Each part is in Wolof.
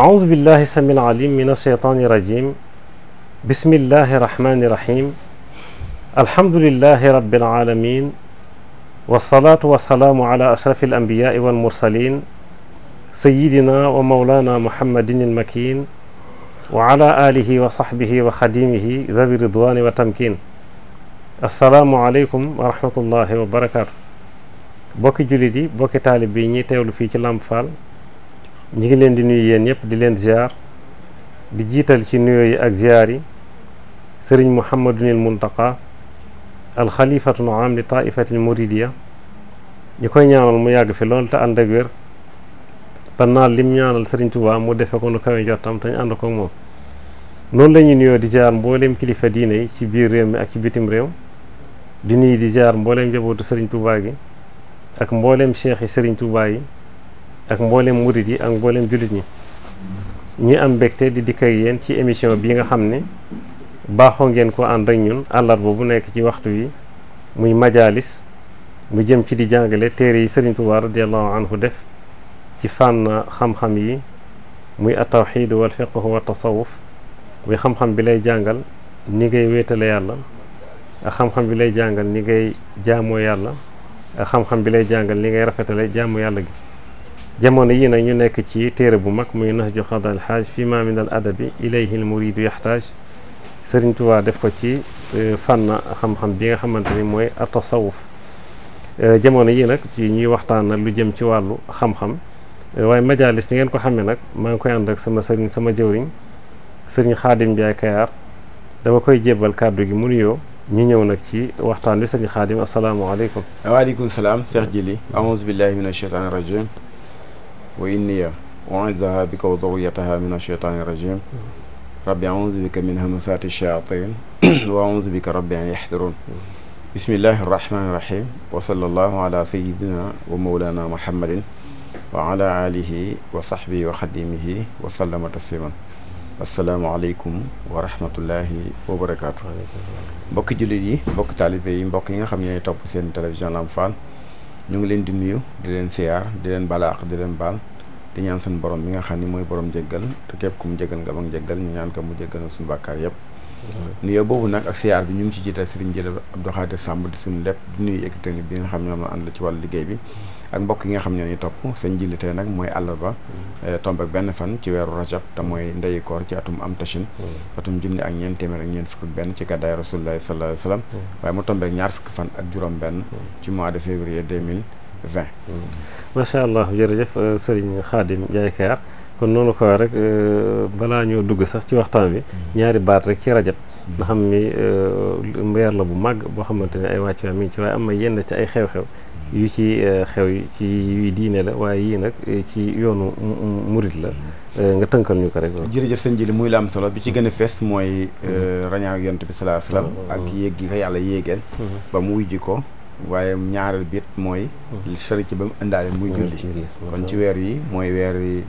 أعوذ بالله السميع العليم من الشيطان الرجيم بسم الله الرحمن الرحيم الحمد لله رب العالمين والصلاة والسلام على أشرف الأنبياء والمرسلين سيدنا ومولانا محمد المكين وعلى آله وصحبه وخديمه ذوي الرضوان والتمكين السلام عليكم ورحمة الله وبركاته بوكي جوليدي بوكي bokki taalib bi ñuy teewlu ñi ngi leen di nuyu yéen ñëpp di leen ziar di jiital ci nuyoo yi ak ziar yi sëriñ Mouhamadunil Muntaqa alxalifatul am li taifatil muridiya ñu koy ñaanal mu yàgg fi lool te ànd ak wér ba naal lim ñaanal sëriñ Tuubaa mu defe ko nu kawe jottam te ñu ànd ko moom noonu la nuyoo di ziar mbooleem kilifa diine yi ci biir réew mi ak ci bitim réew di nuy di ziar mbooleem njabootu sëriñ Tuubaa gi ak mbooleem cheikh yi sëriñ Tuubaa yi ak mboolem mourid yi ak mboolem julit ñi ñi am bekté di dikay yéen ci émission bi nga xamné baxo ngeen ko ànd ak ñun alar bu nekk ci waxtu wi muy majalis mu jëm ci di jàngale téré yi serigne touba radiyallahu anhu def ci fan xam xam-xam yi muy at tawhid wal fiqh wa tasawuf wi xam-xam bi lay jàngal ni ngay wétalé yàlla ak xam-xam bi lay jàngal ni ngay jaamo yàlla ak xam-xam bi lay jàngal ni ngay rafetale jaamu yàlla gi jamono yi nag ñu nekk ci téere bu mag muy Nahju Xadal Xaaj fi ma min al adabi ilayhi al muridu yaxtaaj Sëriñ Tuubaa def ko ci fànn xam-xam bi nga xamante ni mooy atasawuf jamono yi nag ci ñuy waxtaan nag lu jëm ci wàllu xam-xam waaye majalis ni ngeen ko xamee nag maa ngi koy ànd ak sama sëriñ sama jëwriñ sëriñ xaadim Njaay Kayaar dama koy jébbal kàddu gi mu nuyoo ñu ñëw nag ci waxtaan wi sëriñ xaadim asalaamaaleykum waaleykum salaam Cheikh Jili aouzu billahi min acheytaan rajim وإني أعيذها بك وذريتها من الشيطان الرجيم ربي أعوذ بك من همسات الشياطين وأعوذ بك ربي أن يحضرون بسم الله الرحمن الرحيم وصلى الله على سيدنا ومولانا محمد وعلى آله وصحبه وخدمه وسلم تسليما asalaamaaleykum wa rahmatullahi wa barakaatu mbokki jullit yi mbokki taalibe yi mbokk yi nga xam ne topp seen télévision Lamp Fall ñu ngi leen di nuyu di leen siyaar di leen balaax di leen baal di ñaan seen boroom bi nga xam ni mooy borom jéggal te képp ku mu jéggal nga ba jéggal ñu ñaan ko mu jéggal suñu bàkkaar yëpp nuyoo boobu nag ak siyaar bi ñu ngi ci jiital Serigne Jël Abdou Khadir Samb di suñu lépp di nuyu équipe bi nga xam ñoom la ànd la ci wàllu liggéey bi ak mbokk yi nga xam ñoo ñuy topp seen jilli tey nag mooy àllarba mm. eh, tombe ak benn fan ci weeru rajab te mooy mm. ndeyu koor ci atum am tashin mm. atum junni ak ñeent téeméer ak ñeent fukk ak benn ci gàddaay rasulullahi sallallahu alayhi wasallam waaye mu tombe ñaar fukki fan ak juróom ci mois de février 2000 20. Mm. allah jërëjëf euh, Serigne Khadim Ndiaye kon noonu ko rek euh, balaa ñoo dugg sax ci waxtaan wi mm. ñaari baat rek ci rajab mm. xam ni weer euh, la bu màgg boo xamante ne ay wàccuwaay mi ci waaye am na yenn ci ay xew yu ci xew yi ci yu la waaye yii nag ci yoonu murit la nga tënkal ñu ko rek jërëjëf sëñ jili muy la am solo bi ci gën a fees mooy rañaa yonent bi salaa salaam ak yéeg gi ko yàlla yéegeel mm-hmm. ba mu wujji ko waaye ñaareel bi mooy. Mhm. sori ci ba mu indaale muy julli kon ci weer yi mooy weer yi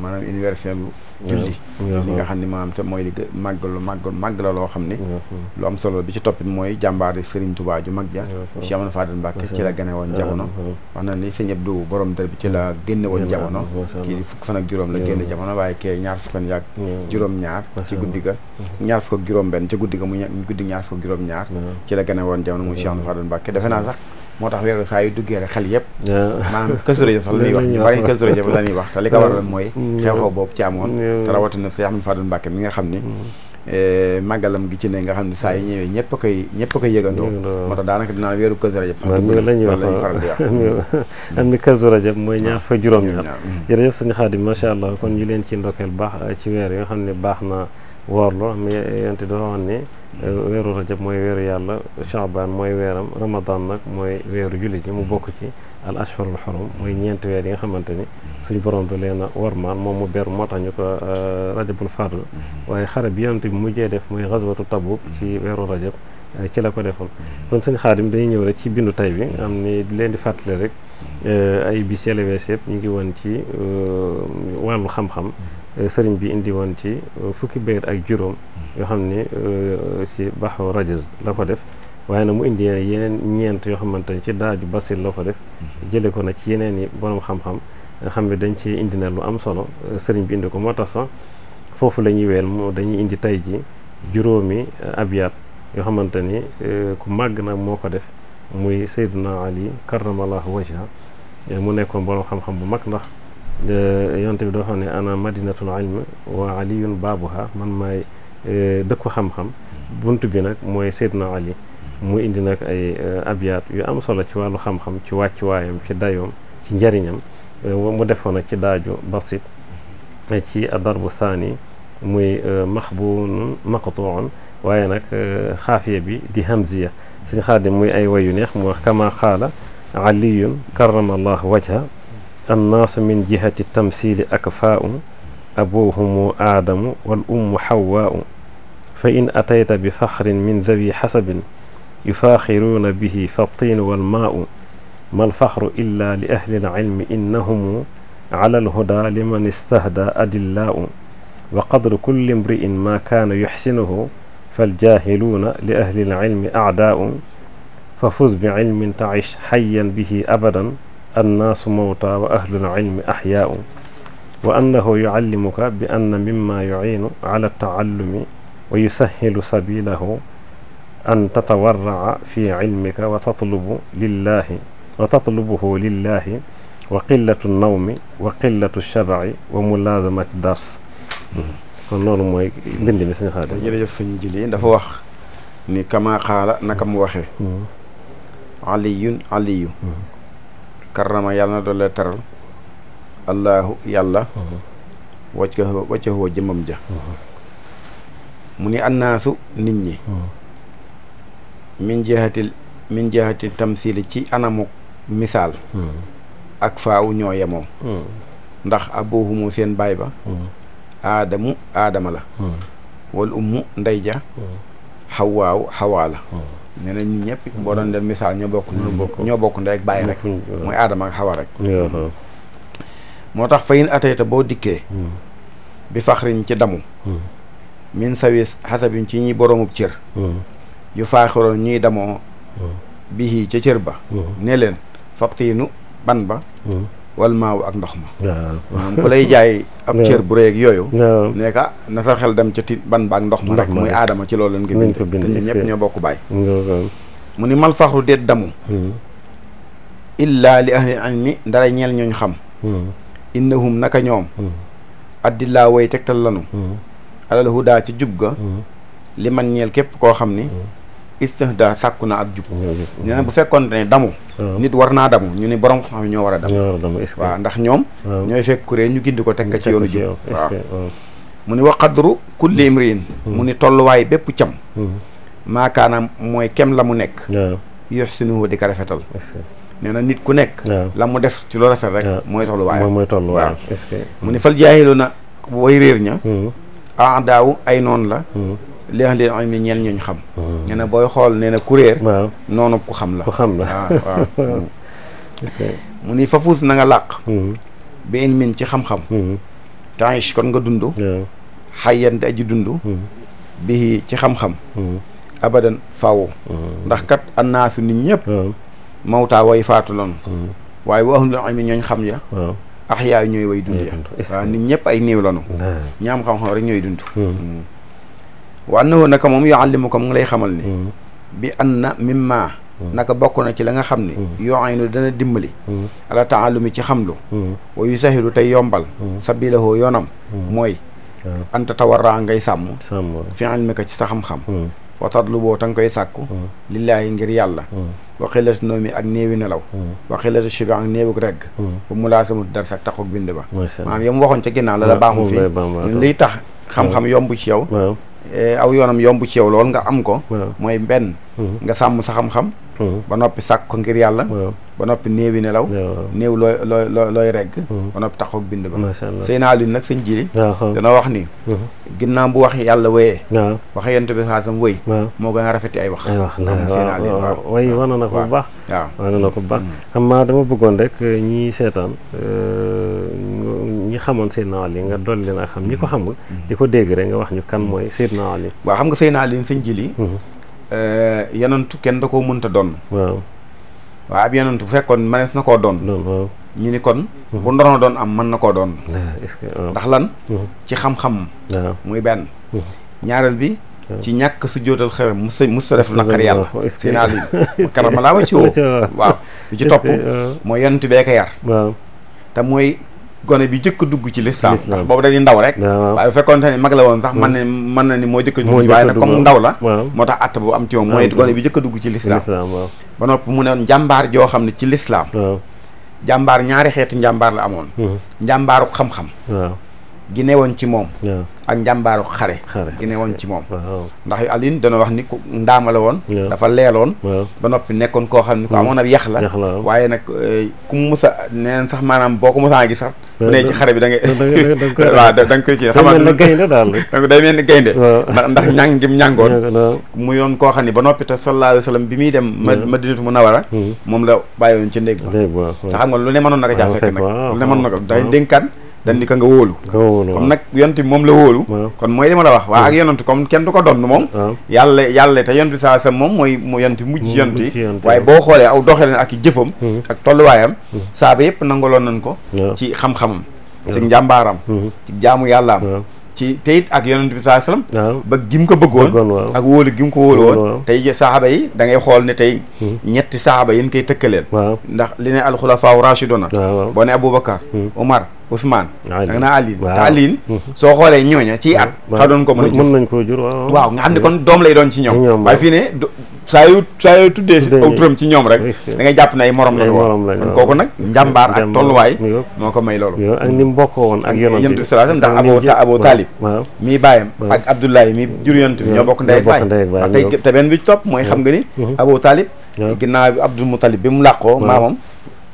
maanaam université bu. julli li nga xam ne maanaam te mooy li màgg lu màgg la loo xam ne lu am solo bi ci toppi mooy jàmbaari Serigne Touba ju mag ja Cheikh Amadou Fadel Mbacke ci la gane woon jamono wax na ni sëñ Abdou borom dër bi ci la génne woon jamono kii fukk fan ak juróom la génne jamono waaye kee ñaar fukk fan yàgg juróom ñaar ci guddi ga ñaar fukk ak juróom benn ci guddi ga mu guddi ñaar fukk ak juróom ñaar ci la gane woon jamono mu Cheikh Amadou Fadel Mbacke defe naa sax moo tax weeru saa yi duggee rek xel yëpp ah. maanaam Kazu Rajab sax la ñuy wax ñu bari Kazu Rajab li ko waral mooy mm. Mm. xew-xew boobu ci amoon mm. te rawatina Cheikh Ahmadou Fadou Mbacké mi nga xam ni eh, màggalam gi ci ne nga xam ne saa yu ñëwee ñëpp a koy ñëpp a koy yëgandoo moo tax daanaka dinaa weeru Kazu Rajab sax lañuy wax lañuy faral di wax am mooy ñaar fa juróom ñaar jërëjëf sëñ Xaadim macha allah kon ñu leen ci ndokkeel baax ci weer yi nga xam ne baax na woorlu mais yonte dafa wax ne weeru rajab mooy weeru yàlla chaabaan mooy weeram ramadan nag mooy weeru jullit yi mu bokk ci al ashhurul hurum mooy ñeenti weer yi nga xamante ni suñu borom da leen a warmaan moom mu ber moo tax ñu ko euh, rajabul fadl waaye xare bi yonent bi mujjee def muy xaswatu tabuk ci weeru rajab euh, ci la ko defoon kon sëñ xaadim dañuy ñëw rek ci bindu tay bi am ni leen di fàttale rek euh, ay bis yelewees yëpp ñu ngi woon ci wàllu xam-xam sëriñ bi indi woon ci fukki bayit ak juróom yoo xam ne euh, ci baxu rajiz la ko def waaye nag mu indi yeneen ñeent yoo xamante ne ci daaju basir la ko def mhm. jële ko na ci yeneen yi borom xam-xam nga xam ne dañ ci indi na lu am solo euh, sëriñ bi indi ko moo tax sax foofu la ñuy weel mu dañuy indi tey ji juróomi euh, abyaat yoo xamante ni ku màgg nag moo ko def muy sayduna ali karamallahu wajha mu nekkoon borom xam-xam bu mag ndax yonte bi doo xam ne ana madinatul ilm wa aliyun baabuha man maay dekk xam xam-xam buntu bi nak moy sayyidna Ali mu indi nak ay abiyat yu am solo ci walu xam xam-xam ci waccu wayam ci dayum ci njariñam mu defona ci daju basit ci adarbu thani muy mahbun maqtuun waye nak khafiya bi di hamziya sin khadim muy ay wayu neex mu wax kama khala ali karrama allah wajha الناس من جهة التمثيل أكفاء أبوهم آدم والأم حواء فإن أتيت بفخر من ذوي حسب يفاخرون به فالطين والماء ما الفخر إلا لأهل العلم إنهم على الهدى لمن استهدى أدلاء وقدر كل امرئ ما كان يحسنه فالجاهلون لأهل العلم أعداء ففز بعلم تعش حيا به أبدا الناس موتى وأهل العلم أحياء وأنه يعلمك بأن مما يعين على التعلم ويسهل سبيله أن تتورع في علمك وتطلب لله وتطلبه لله وقلة النوم وقلة الشبع وملازمة الدرس ni kama xala nakam waxe ali allahu yàlla wacca waccaxoo jëmam ja uh-huh. mu ni annaasu nit ñi uh-huh. min jeexatil min jeexatil tamsili ci anamuk misaal uh-huh. ak faawu ñoo yemoo ndax abuhumu seen baay ba aadamu aadama la wal ummu ndey ja xawaaw xawaa la nee na nit ñëpp boo doon leen misaal ñoo bokk ñoo bokk ndey ak bàyyi rek mooy aadama ak xawa rek moo tax fayin atayta boo dikkee hmm. bi faxrin ci damu hmm. min sawis xasabin ci ñi boroomub cër hmm. yu faaxiroon ñuy damoo bihi ca cër ba ne leen faqtiinu ban ba wal maaw ak ndox ma moom ku lay jaay ab cër bu réeg yooyu nekka na sa xel dem ca ti ban ba ak ndox ma rek muy aadama ci loolu leen nga bind te ñun ñëpp ñoo bokk baay mu ni mal faxru déet damu illaa li ahli ilmi ndara ñeel ñooñ xam innahum naka ñoom hmm. addilaa way tegtal lanu hmm. alal hudaa ci jub ga hmm. li man ñeel képp koo xam ni istihda sàkku na ak jub nee bu fekkoon ne damu nit war naa damu ñu ne borom xam ñoo war a damu waaw ndax ñoom ñooy fekk kuréel ñu gindi ko teg ko ci yoonu jub waaw mu ni waqadru kulli imriin mu ni tolluwaay bépp cam maakaana mooy kem la mu nekk yox sinuhu di ko rafetal nee na nit ku nekk. la mu def ci lu rafet rek. mooy tolluwaayam mooy tolluwaayam. mu ni fal jaaxilu na way réer ña. ah ay noon la. Hmm. li nga xam ne ñeen ñooñu xam. Hmm. nee na booy xool nee na ku réer. noonu ku xam la. xam la ah, waaw waaw. mu ni fafuus na làq. bi ilmin ci xam-xam. taayish kon nga dund. xayyan te aji dund. bii ci xam-xam. abadan faaw. ndax kat annaasu nit ñëpp. mawtaa way faatu loon mm. waaye wa ahlul ilmi ñooñ xam ya axyaa ñooy way dund ya waaw nit ñëpp ay néew lanu ñaam xam-xam rek ñooy dund na mm. mm. annahu naka moom yuallimuka mu ngi lay xamal ni bi na mimma naka bokk na ci la nga xam ne yu'inu dana dimbali ala taalumi ci xamlu wa yusahilu tey yombal sabilahoo yoonam mooy ah. anta tawarraa ngay sàmm fi ilmika ci sa xam-xam وتطلبه وتنكوي ثقه لله إن جري الله وخيلة نومي أجنبي نلاو وخيلة الشبع أجنبي غرق وملازم الدرس أكتخو بندبا ما يوم وقت نتكلم على لا بامو في ليتا خم خم يوم بيشيو Eh, aw yoonam yomb ci yow lool nga am ko mooy benn hmm. nga sàmm sa xam-xam hmm. ba noppi sàkk ko ngir yàlla ba noppi néewi nelaw néew looy looy looy regg hmm. ba noppi taxoog bind ba sëy naa lin nag sëñ jili ah, dana wax ni ginnaaw bu wax yàlla wéyee waxe yent bi saa sam wéy moo gën a rafeti ay wax ay wax sëy naa way wana na ko bu baax waaw wana ko bu baax xam maa dama bëggoon rek eh, ñi seetaan eh, ñi xamoon Seydina Ali nga dolli leen ak xam ñi ko xamul di ko dégg rek nga wax ñu kan mooy Seydina Ali waaw xam nga Seydina Ali sëñ jili eh, yonent kenn da koo mënta doon waaw waaw ab yonent bu fekkoon mënees na koo doon ñu ni kon bu ndoroon doon am mën na koo doon ndax lan ci xam-xam muy benn ñaareel bi ci ñàkk su jootal xewam mu sa def naqar yàlla Seydina Ali karama laa wa ci woo waaw bi ci topp mooy yonent bee ko yar te mooy gone bi jëkk dugg ci lislaam ndax boobu dañuy ndaw rek waaye bu fekkoon ne mag la woon sax hmm. man ne mën na ni moo jëkk dugg ci waaye nag comme ndaw la moo tax att bu am ci moom mooy gone bi jëkk dugg ci lislaam ba nopp mu ne njàmbaar joo xam ne ci lislaam jàmbaar ñaari xeetu njàmbaar la amoon hmm. njàmbaaru xam-xam gi newoon ci moom ak njàmbaaru xare gi newoon ci moom ndax Alioune dana wax ni ku ndaama la woon dafa leeloon ba noppi nekkoon koo xam ni ko mm. amoon ab yax la waaye nag eh, ku mu musa neen sax maanaam boo ko musaa gi sax bu ne ci xare da ngay waaw da nga koy kii xam nga gaynde daal donc day mel ni gaynde ndax ndax ñàng ngim ñàngoon muy doon koo xam ni ba noppi te sallallahu alayhi wa sallam bi muy dem Madinatu Munawwara mm. moom la bàyyoon ci néeg ba te xam nga lu ne mënoon na ko jaa ah, fekk nag lu ne mënoon na ko day dénkaan dañ ni ka nga wóolu comme nag yonent bi moom la wóolu kon mooy li ma la wax waa ak yonent comme kenn du ko donn moom yàlla yàlla te yonent bi saa sa moom mooy yonent bi mujj yonent yi waaye boo xoolee aw doxaleen ak i jëfam ak tolluwaayam saaba yëpp nangaloon nañ ko ci xam-xamam ci njàmbaaram ci jaamu yàllaam ci teyit ak yonent bi saa salaam ba gim ko bëggoon ak wóolu gim ko wóolu woon tey saxaaba yi da ngay xool ne tey hmm. ñetti saxaaba yi ñu koy tëkkaleel ndax li ne alxulafaaw rashiduna boo ne aboubacar omar hmm. Ousmane da nga naa Aline te Aline hmm. soo xoolee ñooña ci at xaw doon ko mën a jur mën nañ koo jur waaw nga xam ne kon doom lay doon ci ñoom waaye fii ne saa yu saa yu tuddee aw ci ñoom rek da ngay jàpp ne ay morom lañu woon kon kooku nag njàmbaar ak tolluwaay moo ko may loolu ak ni mu bokkoo woon ak yonent bi sallallahu alayhi wasallam ndax abo abo taalib mii bàyyam ak abdoulaye mii jur yonent bi ñoo bokk ndey ak baay tey te benn bi ci topp mooy xam nga ni mhm. abo taalib ginnaaw abdul mutalib bi mu làqoo maamam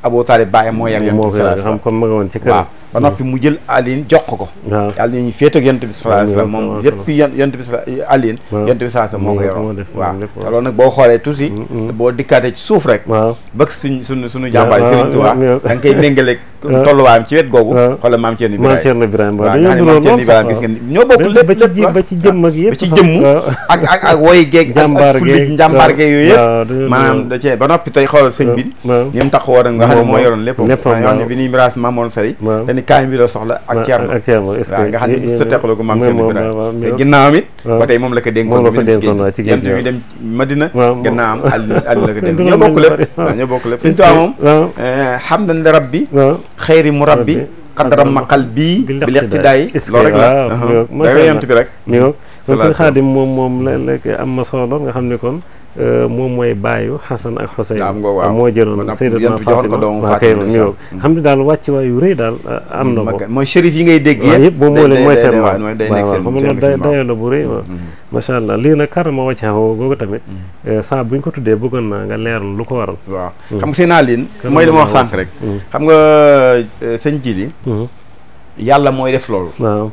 abo taalib bàyyam moo yar yonent bi sallallahu alayhi ma nga woon ci kër ba nopi mu jël alin jox ko yalla ñu nañu ak yantabi sallallahu alayhi wasallam moom yëpp yonent bi sa alin yonent bi sallallahu moo ko yoroon waaw te nak bo xolé xoolee mm, mm. bo dikaté ci souf rek ba bëgg suñu suñu jambaay Serigne Touba da nga mengalé tollu waam ci wét gogou xolé maam Thierno Ibrahima maam Thierno Ibrahima waaw ñu maam Thierno Ibrahima gis ngeen ño bokku lepp ba ci jëm ak yépp ci jëm ak ak ak woy geeg ak fulli njàmbaar geeg yoy yépp manam da ci ba nopi tay xoolal sëñ bi ñim mu tax woon nga xam mo moo lepp ñu bi mirage miraas Mamoon Sari ni kaayam bi la soxla ak Thierno ak Thierno est-ce que nga xam ne sa teqaloo ko maam Thierno bi te ginnaawam it ba tey moom la ko dénkoon moom la ci géej gi dem Madina ginnaawam Ali Ali la ko dénk ñoo bokk lépp waaw ñoo bokk lépp suñu tuwaa moom eh, hamdan li rabbi xayri mu rabbi xadaram maqal bi liqtidaay loolu rek la waaw da nga yent bi rek mi ngi sëñ Xaadim moom moom la am na solo nga xam ne kon Euh, moom mooy baayu Xasan ak Xuseyn moo jëloon Sayyidatuna Fatima waaw kay ñëw xam ne daal wàcc waay yu rëy daal euh, am na ko mooy chérif yi ngay dégg yëpp moom moo leen mooy seen waay waaw xam nga loolu dayoo la bu rëy waaw hmm, hmm. macha allah lii nag karama wàccaxoo googu tamit hmm. euh, saa buñ ko tuddee bëggoon naa nga leeral lu ko waral waaw xam nga seen alin mooy li ma wax sànq rek xam nga sëñ ji li yàlla mooy def loolu waaw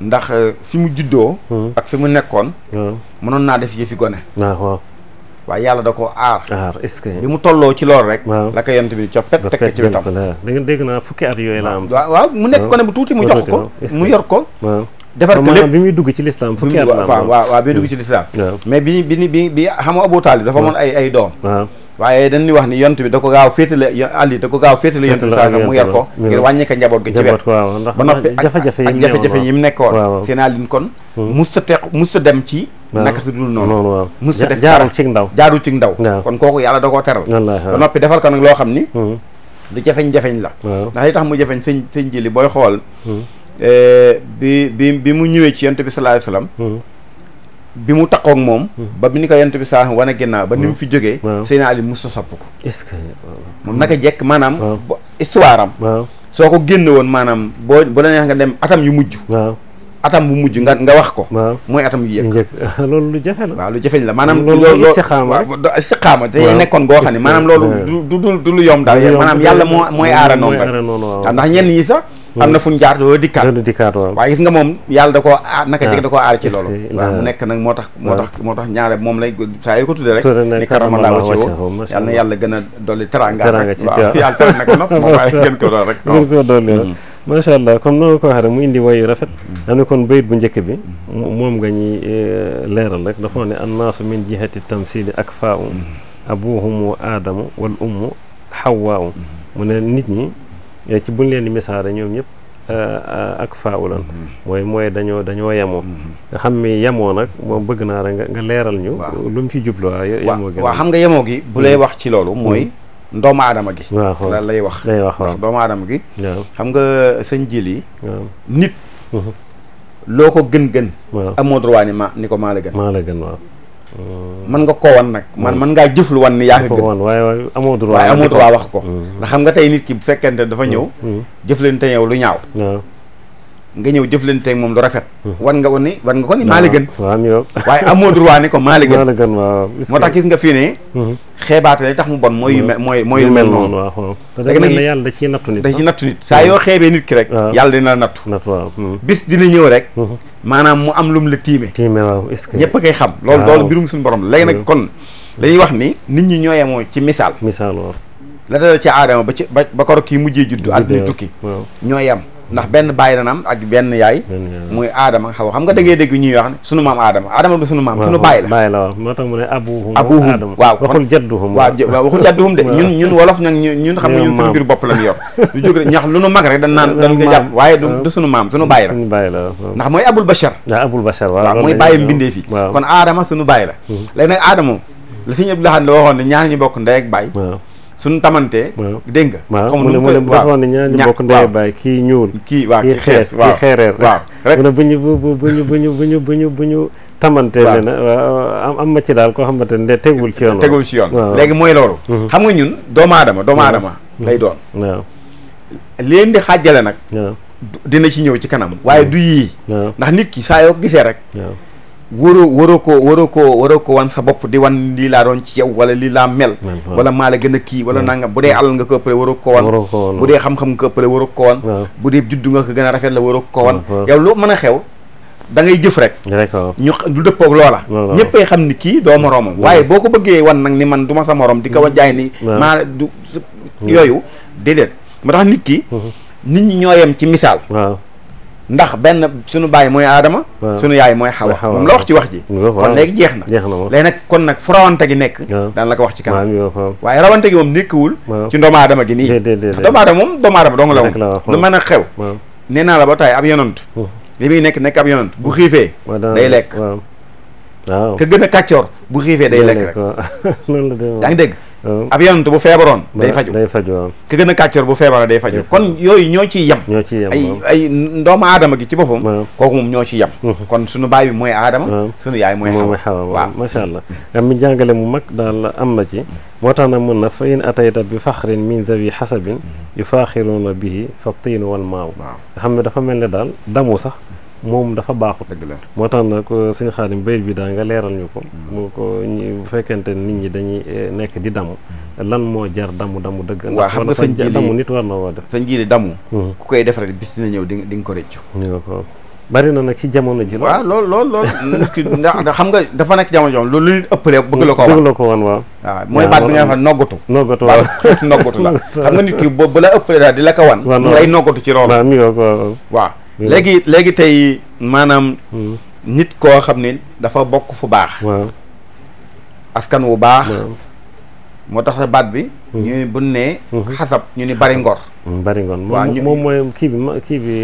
ndax euh, fi mu juddoo. Hmm. ak fi mu nekkoon. Hmm. mënoon naa def yëfi gone. Ah, waaw waaye yàlla da ko aar. aar est-ce que. bi mu tolloo ci loolu rek. la ko yonent bi coppet teg ci wetam. da nga dégg naa fukki at yooyu la am. waaw waaw mu nekk hmm. gone bu tuuti mu jox ko. mu yor ko. defar ko lépp bi muy dugg ci lislaam fukki at waa waa waaw waaw bi muy dugg ci lislaam mais bi bi bi bi xam nga Abu Taalib dafa amoon ay ay doom. waaye dañuy wax ni yont bi da ko gaaw féetale àll yi da ko gaaw féetale yont bi saa mu yar ko ngir wàññi ko njaboot ga ci wet ba noppi ak jafe-jafe yi mu nekkoon seen àllin kon hmm. musta teq musta dem ci naka su dul noonu musta def ci ndaw jaaru ci ndaw kon kooku yàlla da koo teral ba noppi defal ko nag loo xam ni hmm. du jafeñ-jafeñ la ndax li tax mu jafeñ sëñ sëñ jili booy xool hmm. eh, bi bi bi mu ñëwee ci yont bi sallallahu alayhi wasallam bi mu taqoog moom hmm. ba bi ni ko yent bi saa wane ginnaaw ba ni mu hmm. fi jógee Seydina Ali mos sa sopp ko est-ce que moom naka jekk maanaam histoire am soo ko génn woon maanaam boo bu la neex nga dem atam yu mujj atam bu mujj nga nga wax ko mooy atam yu yëg loolu lu jafe la waaw lu jafeñ la maanaam loolu istiqaama te nekkoon goo xam ne maanaam loolu du du du lu yomb daal maanaam yàlla moo mooy aara noonu rek ndax sax am na fu ñu jaar doo dikkaat doo dikkaat waaw waaye gis nga moom yàlla da koo aar ah, naka jëkk da koo aar ci loolu waaw mu nekk nag moo tax moo tax moo tax ñaare moom lay saa yu ko tudde rek ni karama laa wacce woo yàlla na yàlla gën a dolli teranga waaw yàlla teral na ko nag moom waaye gën ko dool rek gën ko dolli macha allah comme noonu ko waxee rek mu indi wayu rafet xam ne kon bayit bu njëkk bi moom nga ñuy e, leeral rek dafa ne annaasu min jihati tamsili ak faa um wa aadamu wal ummu xawwaa mm-hmm. mu ne nit ñi Eh, ci buñ leen di misaare ñoom ñëpp eh, eh, ak faawulan mm-hmm. mooy mooy dañoo dañoo yemoo mm-hmm. nga xam mi yemoo nag moom bëgg naa rek nga leeral ñu lu mu ci jublu waaw yemoo gi waaw xam nga yemoo gi bu lay mm-hmm. wax ci loolu mooy doomu aadama gi waaw la lay wax lay wax ndax doomu aadama gi xam nga sëñ jili nit loo ko gën gën amoo droit ni ma ni ko maa la gën maa la gën waaw mën nga koo wan nag man mm. mën ngaa jëflu wan ni yaa ko gën waaye amoo droit waaye amoo droit wax ko mm. ndax xam nga tey nit ki bu fekkente dafa ñëw mm. jëflante yow lu ñaaw nga ñëw jëflante ak moom lu rafet. Hmm. wan nga wan ni wan nga ko ni maa la gën. waaye amoo droit ne ko maa la gën. moo tax gis nga fii ne. Hmm. xeebaate li tax mu bon mooy mel mooy. mooy yu mel noonu waaw léegi nag yàlla da ciy nattu nit. da ciy nattu nit saa yoo xeebee nit ki rek. Hmm. yàlla dina la nattu. bis dina ñëw rek. mu am lum la tiime. tiime waaw ce que ñëpp a xam. loolu loolu mbirum suñu borom la léegi nag kon. dañuy wax ni nit ñi ñoo yemoo ci misaal. misaal waaw la dala ci aadama ba ci ba ba koro kii mujjee juddu àdduna tukki ñoo yem ndax benn bàyyi dana am ak benn yaay muy aadama xaw xam nga da ngay dégg ñuy wax ne sunu maam aadama aadama du sunu maam sunu baay la moo tax mu ne abuhum abuhum de ñun ñun wolof ñag ñun xam nga bopp lañu yor lu ñax lu nu mag rek dañ naan dañ ko waaye du sunu maam sunu baay la ndax mooy abul bachar abul bachar waaw mooy bàyyi mbindee fi kon aadama sunu baay la hmm. léegi nag aadama la sëñ Abdou Lahad la waxoon ne ñaar ñu bokk ndey ak baay suñu tamante. waaw dégg nga. xamuñu mu ne mu defoon ne ñaar ñu bokk ndey baay kii ñuul. kii waaw kii xees waaw kii xeereer. waaw rek mu bu ñu bu bu ñu bu ñu tamante. waaw ne am am ma ci daal koo xamante ne tegul ci tegul ci yoon léegi mooy loolu. Mhm. xam nga ñun doomu aadama doomu mhm. aadama. lay doon mhm. leen di xaajale nag. dina ci ñëw ci kanam. waaye du yii. ndax nit ki saa yoo gisee rek. waroo waroo ko waroo ko waroo ko wan sa bopp di wan lii laa doon ci yow wala lii laa mel wala maa la gën a kii wala nangam bu dee alal nga ko ëppale waroo ko wan bu dee xam-xam nga ko ëppale waroo ko wan bu dee juddu nga ko gën a rafet la waroo ko wan yow lu mën a xew da ngay jëf rek ñu lu dëppoog loola ñëppay xam ni kii doo moroomam waaye boo ko bëggee wan nag ni man du ma sa moroom di ko mm-hmm. jaay ni maa du yooyu mm-hmm. déedéet ma tax nit ki mm-hmm. nit ñi ñoo ci misaal ndax benn suñu bàyyi mooy aadama sunu yaay mooy xawa moom la wax ci wax ji kon léegi jeex na léegi nag kon nag fu rawante gi nekk daan la ko wax ci kanam waaye rawante gi moom nekkiwul ci doomu aadama gi nii doomu aadama moom doomu aadama dong la man a xew nee naa la ba tey ab yonant li muy nekk nekk ab yonant bu xiifee day lekk ka gën a kàccoor bu xiifee day lekk rek yaa dégg ab yonent bu feebaroon day faju day faju ki gën a kàccoor bu feebaroon day faju kon yooyu ñoo ciy yem ñoo ci yem ay ay ndoomu aadama gi ci boppam kooku moom ñoo ci yem kon suñu baay bi mooy aadama suñu yaay mooy xawa waaw macha allah am mi jàngale mu mag daal am na ci moo tax na mën na fa in atayta bi faxrin min zawi xasabin yu faaxiruuna bihi fa tiinu wal maaw nga xam ne dafa mel ne daal damu sax moom dafa baaxut moo tax nag euh, sëñ Xaadim bayit bi daa nga leeral ñu ko moo mm. ko bu fekkente nit ñi dañuy euh, nekk di damu mm. lan moo jar damu damu dëgg waaw xam nga sëñ ji damu nit war na woo def sëñ ji li damu mm. ku koy def rek bis dina ñëw di di nga ko rëccu bari na nag ci jamono ji waaw lool lool lool ndax xam nga dafa nekk jamono jom loolu lu nit ëppalee la ko wan bëgg la ko wan waaw waaw mooy baat bi nga xam ne noggatu noggatu waaw xeetu la xam nga nit ki bu la ëppalee daal di la ko wan mu lay noggatu ci loolu waa Hmm. léegi léegi tey maanaam. Hmm. nit koo xam ne dafa bokk fu baax. askan wu baax. moo tax baat bi. Hmm. ñu ne xasab ñu ni bari ngor. bari ngor moom mooy kii bi kii bi.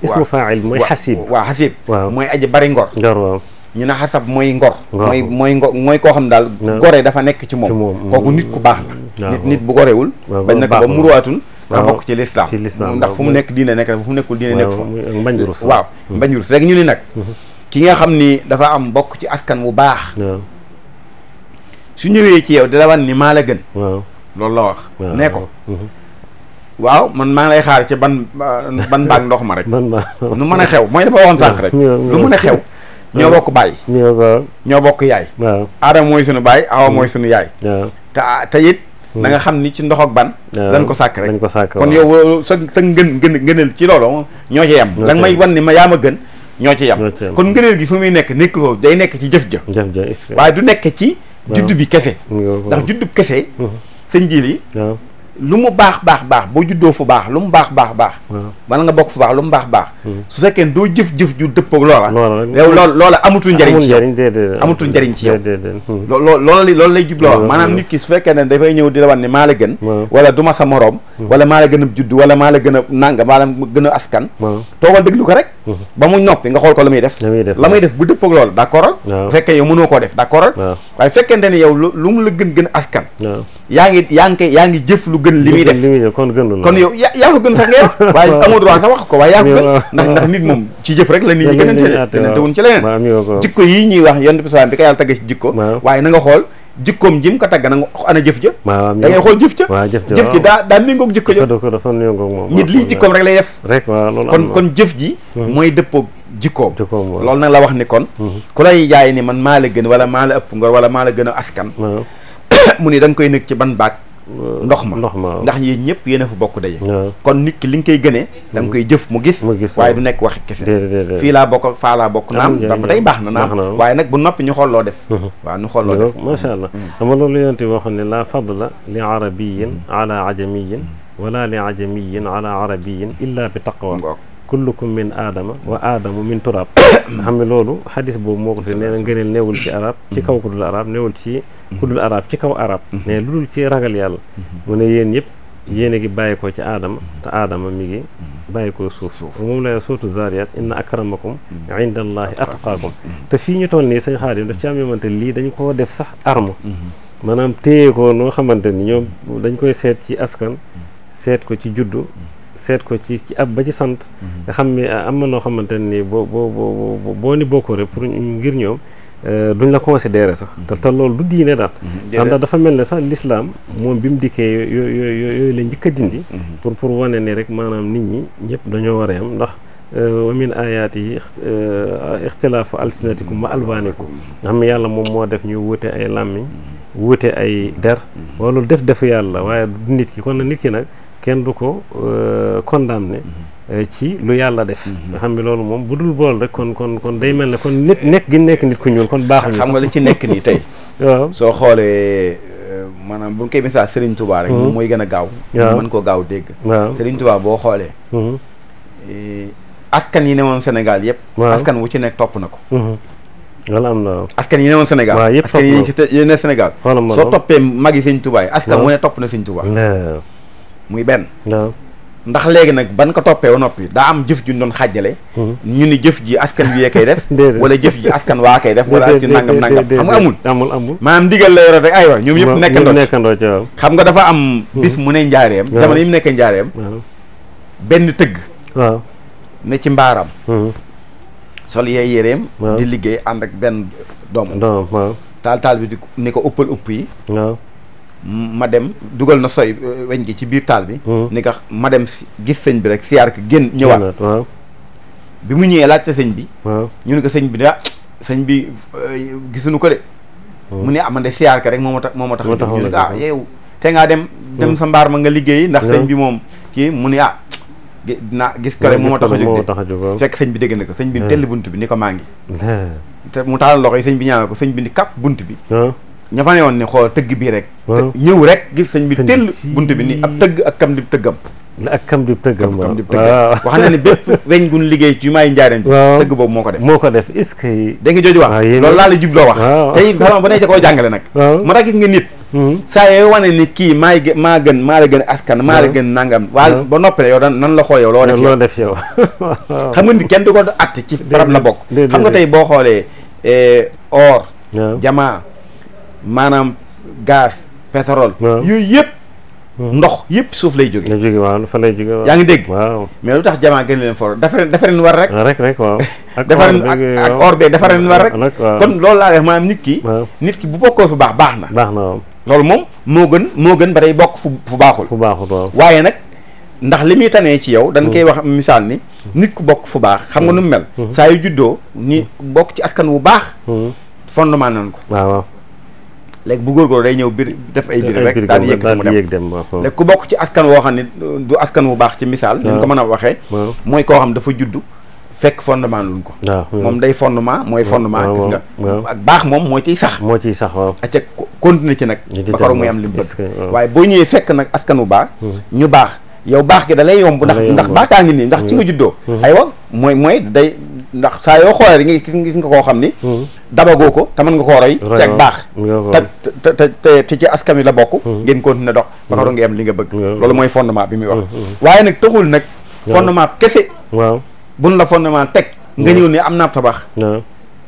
ismu faa'il mooy xasib. waaw xasib. mooy aji bari ngor. ngor waaw. ñu ne xasab mooy ngor. mooy mooy ngo mooy koo xam daal. gore dafa nekk ci moom. kooku nit ku baax la. nit nit bu gorewul. bañ na ko ba muruwaatul. daa bokk ci lislaam ci lislaam ndax fu mu nekk diine nekk fu mu nekkul diine nekk fa mbañ rus waaw mbañ rus léegi ñu ni nag mhm. ki nga xam ni dafa am bokk ci askan wu baax su ñëwee ci yow di la wan ni maa la gën waaw loolu la wax nee ko mhm. waaw man maa ngi lay xaar ci ban ban mbaag ndox ma rek nu mën a xew mooy dafa waxoon sànq rek lu mën a xew ñoo bokk baay ñoo bokk yaay aadama mooy sunu baay awa mhm. mooy sunu yaay te te it Hmm. na nga xam ni ci ndox ak ban dañ ko sàkk rek dañ ko sàkk kon yow sa sa ngën ngën ngënal ci loolu ñoo ci yem la nga may wan ni ma yaa ma gën ñoo ci yem kon ngëneel gi fu muy nekk nekk foofu day nekk ci jëf ja jëf ja waaye du nekk ci judd bi kefe ndax juddub kese hmm. sëñ ji li lu mu bax bax baax boo juddoo fu bax lu mu bax bax baax wala nga bok fu bax lu mu bax hmm. su fekkee do jëf-jëf ju dëppoog loola yow lool loola amatul njariñ ci yow njariñ ci yow lola lay jublo wax nit ki su ne fay ñew di la gën wala du sa morom hmm. wala mala la gën judd wala mala gën askan togal deglu ko rek hmm. ba mu noppi nga xol ko lamay def lamay def bu ak lola d'accord bu yow mëno ko def d'accord way fekkente ne yow lu la gën gën askan yaangi yaangi yaangi lu gën li muy def kon gënul kon yow yaa yaa ko gën sax ngay wax waaye amoo droit sax wax ko waaye yaa ko gën ndax ndax nit moom ci jëf rek la nit ñi gënante ne te nantewuñ ci leneen jikko yi ñuy wax yonent bi salaam bi ko yàlla tagge da ngay xool jëf ja jëf ja nit lii jikkoom rek lay def rek kon kon jëf ji hmm. mooy dëppoog jikkoom loolu nag la wax ni kon hmm. ku lay jaay ni man maa la gën wala maa la ëpp ngor wala maa la gën a askan mu ni da nga koy nekk ci ban baat ndox ma ndox ma ndax yéen ñëpp yéen a fa bokk daje kon nit ki li nga koy gënee da nga koy jëf mu gis waaye du nekk wax kese fii laa bokk faa laa bokk naam ba tey baax na naam waaye nag bu noppi ñu xool loo def waaw ñu xool loo def macha allah xam nga loolu yonent bi waxoon ne la fadla li arabiyin ala ajamiyin wala li ajamiyin ala arabiyin illa bi taqwa kullukum min aadama wa aadamu min turaab nga xam ne loolu xadis boobu moo ko te nee na ngëneel newul ci arab ci kaw ku dul arab newul ci ku dul arab ci kaw arab ne lu dul ci ragal yàlla mu ne yéen yëpp yéen a ngi bàyyi ko ci aadama te aadama mi ngi bàyyi ko suuf suuf moom la suuratu zaariyaat inna akramakum mm-hmm. inda allahi atqaakum mm-hmm. te fii ñu toll nii sëñ xaadim daf ci am yomante lii dañu koo def sax arme mm-hmm. maanaam téye ko noo xamante ni ñoom dañ koy seet ci askan seet ko ci juddu seet ko ci ci ab ba ci sant. nga xam ni ah, am na noo xamante ni boo boo boo boo ni bokkoo rek pour ngir ñoom. Euh, duñ la considéré sax te te loolu du diine daal mm-hmm. ndax dafa mel ne sax l'islam mm-hmm. moom bi mu dikkee yooyu la njëkk a dindi mm-hmm. pour pour wane ne rek maanaam nit ñi ñëpp dañoo war a yam ndax euh, wa min ayaati yi euh, ixtilaafu alsinatikum wa alwaanikum nga xam ne yàlla moom moo def ñuy wuute ay làmmi wuute ay der loolu def def yàlla waaye du nit ki kon nag nit ki nag kenn du ko euh, ne euh, ci lu yàlla def mm-hmm. nga xam ne loolu moom bu dul bool rek kon kon kon day mel ne kon nit nekk gi nekk nit ko ñuul kon baaxuñu xam nga li ci nekk nii tey soo xoolee euh, maanaam bu ñu koy misaal Serigne Touba mm-hmm. mooy gën a gaaw ñu mën koo gaaw dégg waaw boo xoolee mm-hmm. eh, askan yi ne woon Sénégal yëpp askan wu ci nekk topp na ko wala am yi ne woon Sénégal soo toppee mag yi Serigne Touba yi askan wu ne topp na Serigne Touba muy benn ndax léegi nag ban ko toppee ba noppi daa am jëf ju ñu doon xàjjale hmm. ñu ni jëf ji askan wi yee koy def wala jëf ji askan waa koy def wala ci nangam nangam xam nga amul amul amul maanaam ndigal la yore rek aywa ñoom ñëpp nekkandoo ci xam nga dafa am hmm. bis mu ne njaareem jamono yi mu nekkee njaareem benn tëgg ne ci mbaaram hmm. sol yee yéreem di liggéey ànd ak benn doomam taal taal bi di ni ko uppal upp yi madem dugal na soy euh, weñ gi ci biir taal bi hmm. ni nga madem gis señ bi rek ke ko génn ñëwaat bi mu ñewé laacc señ bi ñu ne ko señ bi da ah, señ bi euh, gisunu ko de hmm. mu ne amande ah, siar ka rek moo ma tax moo tax ñu ah, te nga dem dem hmm. sa mbar ma nga liggéey ndax señ bi mom ki mu ne ah na gis ko rek tax juk de fek señ bi dégg na ko señ bi tell buntu bi ni ko maa te mu taal loxo señ bi ñaanal ko bi ni kap buntu bi ña fa ne woon ne xool tëgg bii rek. ñëw rek gis sëñ bi tell bunt bi nii ab tëgg ak kam di tëggam. ak kam di tëggam kam di wax na ne bépp weñ gun liggéey ci maay njaareen bi tëgg boobu moo ko def moo ko def ce que da nga jooju wax loolu laa la jubloo wax tey vraiment ba ne da koo jàngale nag moo tax gis nga nit hmm. ni kii maay maa gën maa la gën askan maa la hmm. gën nangam waa hmm. ba noppale yow dan nan la xool yow loo def def yow xam nga ni kenn du ko att ci barab la bokk xam nga tey boo xoolee eh, or jamaa manam gas petrol yooyu yep hmm. ndox yep suuf lay joge lay joge waaw fa lay joge waaw. yaangi deg waaw mais lutax jama gën leen for dafa dafa defaree war rek. Ah, rek rek waaw. ak ak orbe dafa defaree war rek. kon lool la def manam nit ki. nit ki bu bokko fu bax baax na. baax na waaw. loolu moom gën mo gën ba day bok fu fu baaxul. fu baxul waaw waaye nak ndax limi muy ci yow dañ hmm. koy wax misal ni nit ku bok fu bax xam nga hmm. nu mel sa yu juddo ni bok ci askan wu bax fondement nan ko waaw léegi bu góorgóorlu day ñëw biir def ay biir rek daal di yëg dem léegi ku bokk ci askan woo xam ne du askan wu baax ci misaal ni ko mën a waxee mooy koo xam dafa judd fekk fondement luñ ko moom day fondement mooy fondement gis nga ak baax moom moo ciy sax moo ciy sax waaw acca continuer ci nag ba koroog muy am li mu bëgg waaye boo ñëwee fekk nag askan wu baax hmm. ñu baax yow baax gi da lay yomb ndax ndax baaxaa ngi nii ndax ci nga hmm. juddoo hmm. aywa mooy mooy day ndax saa yoo xoolee nga gis nga koo xam ni dabagoo ko te mën nga koo roy ci baax te te te te ci askan wi la bokk ngeen continuer dox ba nga nga am li nga bëgg loolu mooy fondement bi muy wax waaye nag taxul nag fondement kese bu buñ la fondement teg ñëw ne am naa tabax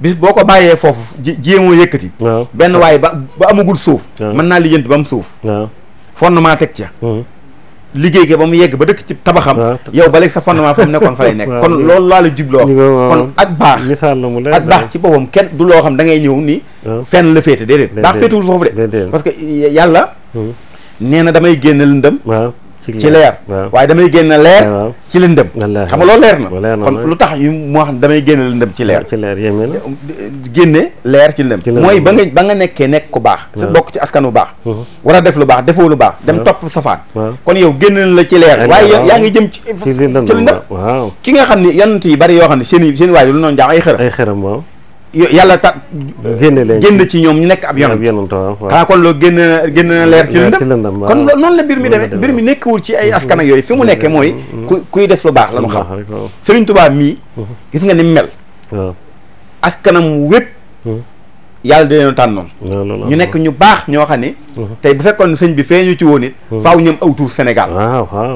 bis boo ko bàyyee foofu jéemoo yëkkati benn waaye ba ba amagul suuf mën naa lijjanti ba am suuf fondement teg ca liggéey ge ba mu yegg ba dëkk ci tabaxam yow bale léegi sa fondement fa mu nekkoon fa lay nekk kon loolu laa la jubloo kon ak baax ak baax ci boppam kenn du loo xam da ngay ñëw ni fenn la féete déedéet baax féetewul foofu de parce que yàlla hmm. nee na damay génne lëndëm ci leer waaye damay génn leer ci lëndëm xam nga loolu leer na kon lu tax yu moo xam ne damay génn lëndëm ci leer génne leer ci lëndëm mooy ba nga ba nga nekkee nekk ku baax sa bokk ci askan bu baax uh-huh. war a def lu baax defoo lu baax dem topp safaan kon yow génn la ci leer waaye yaa ngi jëm ci ci lëndëm ki nga xam ne yonent yi bari yoo xam ne seen seen waajur lu noonu jaam ay xërëm ay xërëm waaw yàlla ta génne leen génn ci ñoom ñu nekk ab yonent xanaa kon loolu génn génn na leer ci lëndëm kon loolu noonu la mbir mi demee mbir mi nekkewul ci ay askan yooyu fi mu nekkee mooy ku kuy def lu baax la mu xam Serigne Touba mii mhm. gis nga ni mu mel askanam wépp mhm. yàlla di leen tànnoon ñu nekk ñu baax ñoo xam ne mhm. tey bu fekkoon sëñ bi feeñu ci woon it faaw ñoom aw tuur Sénégal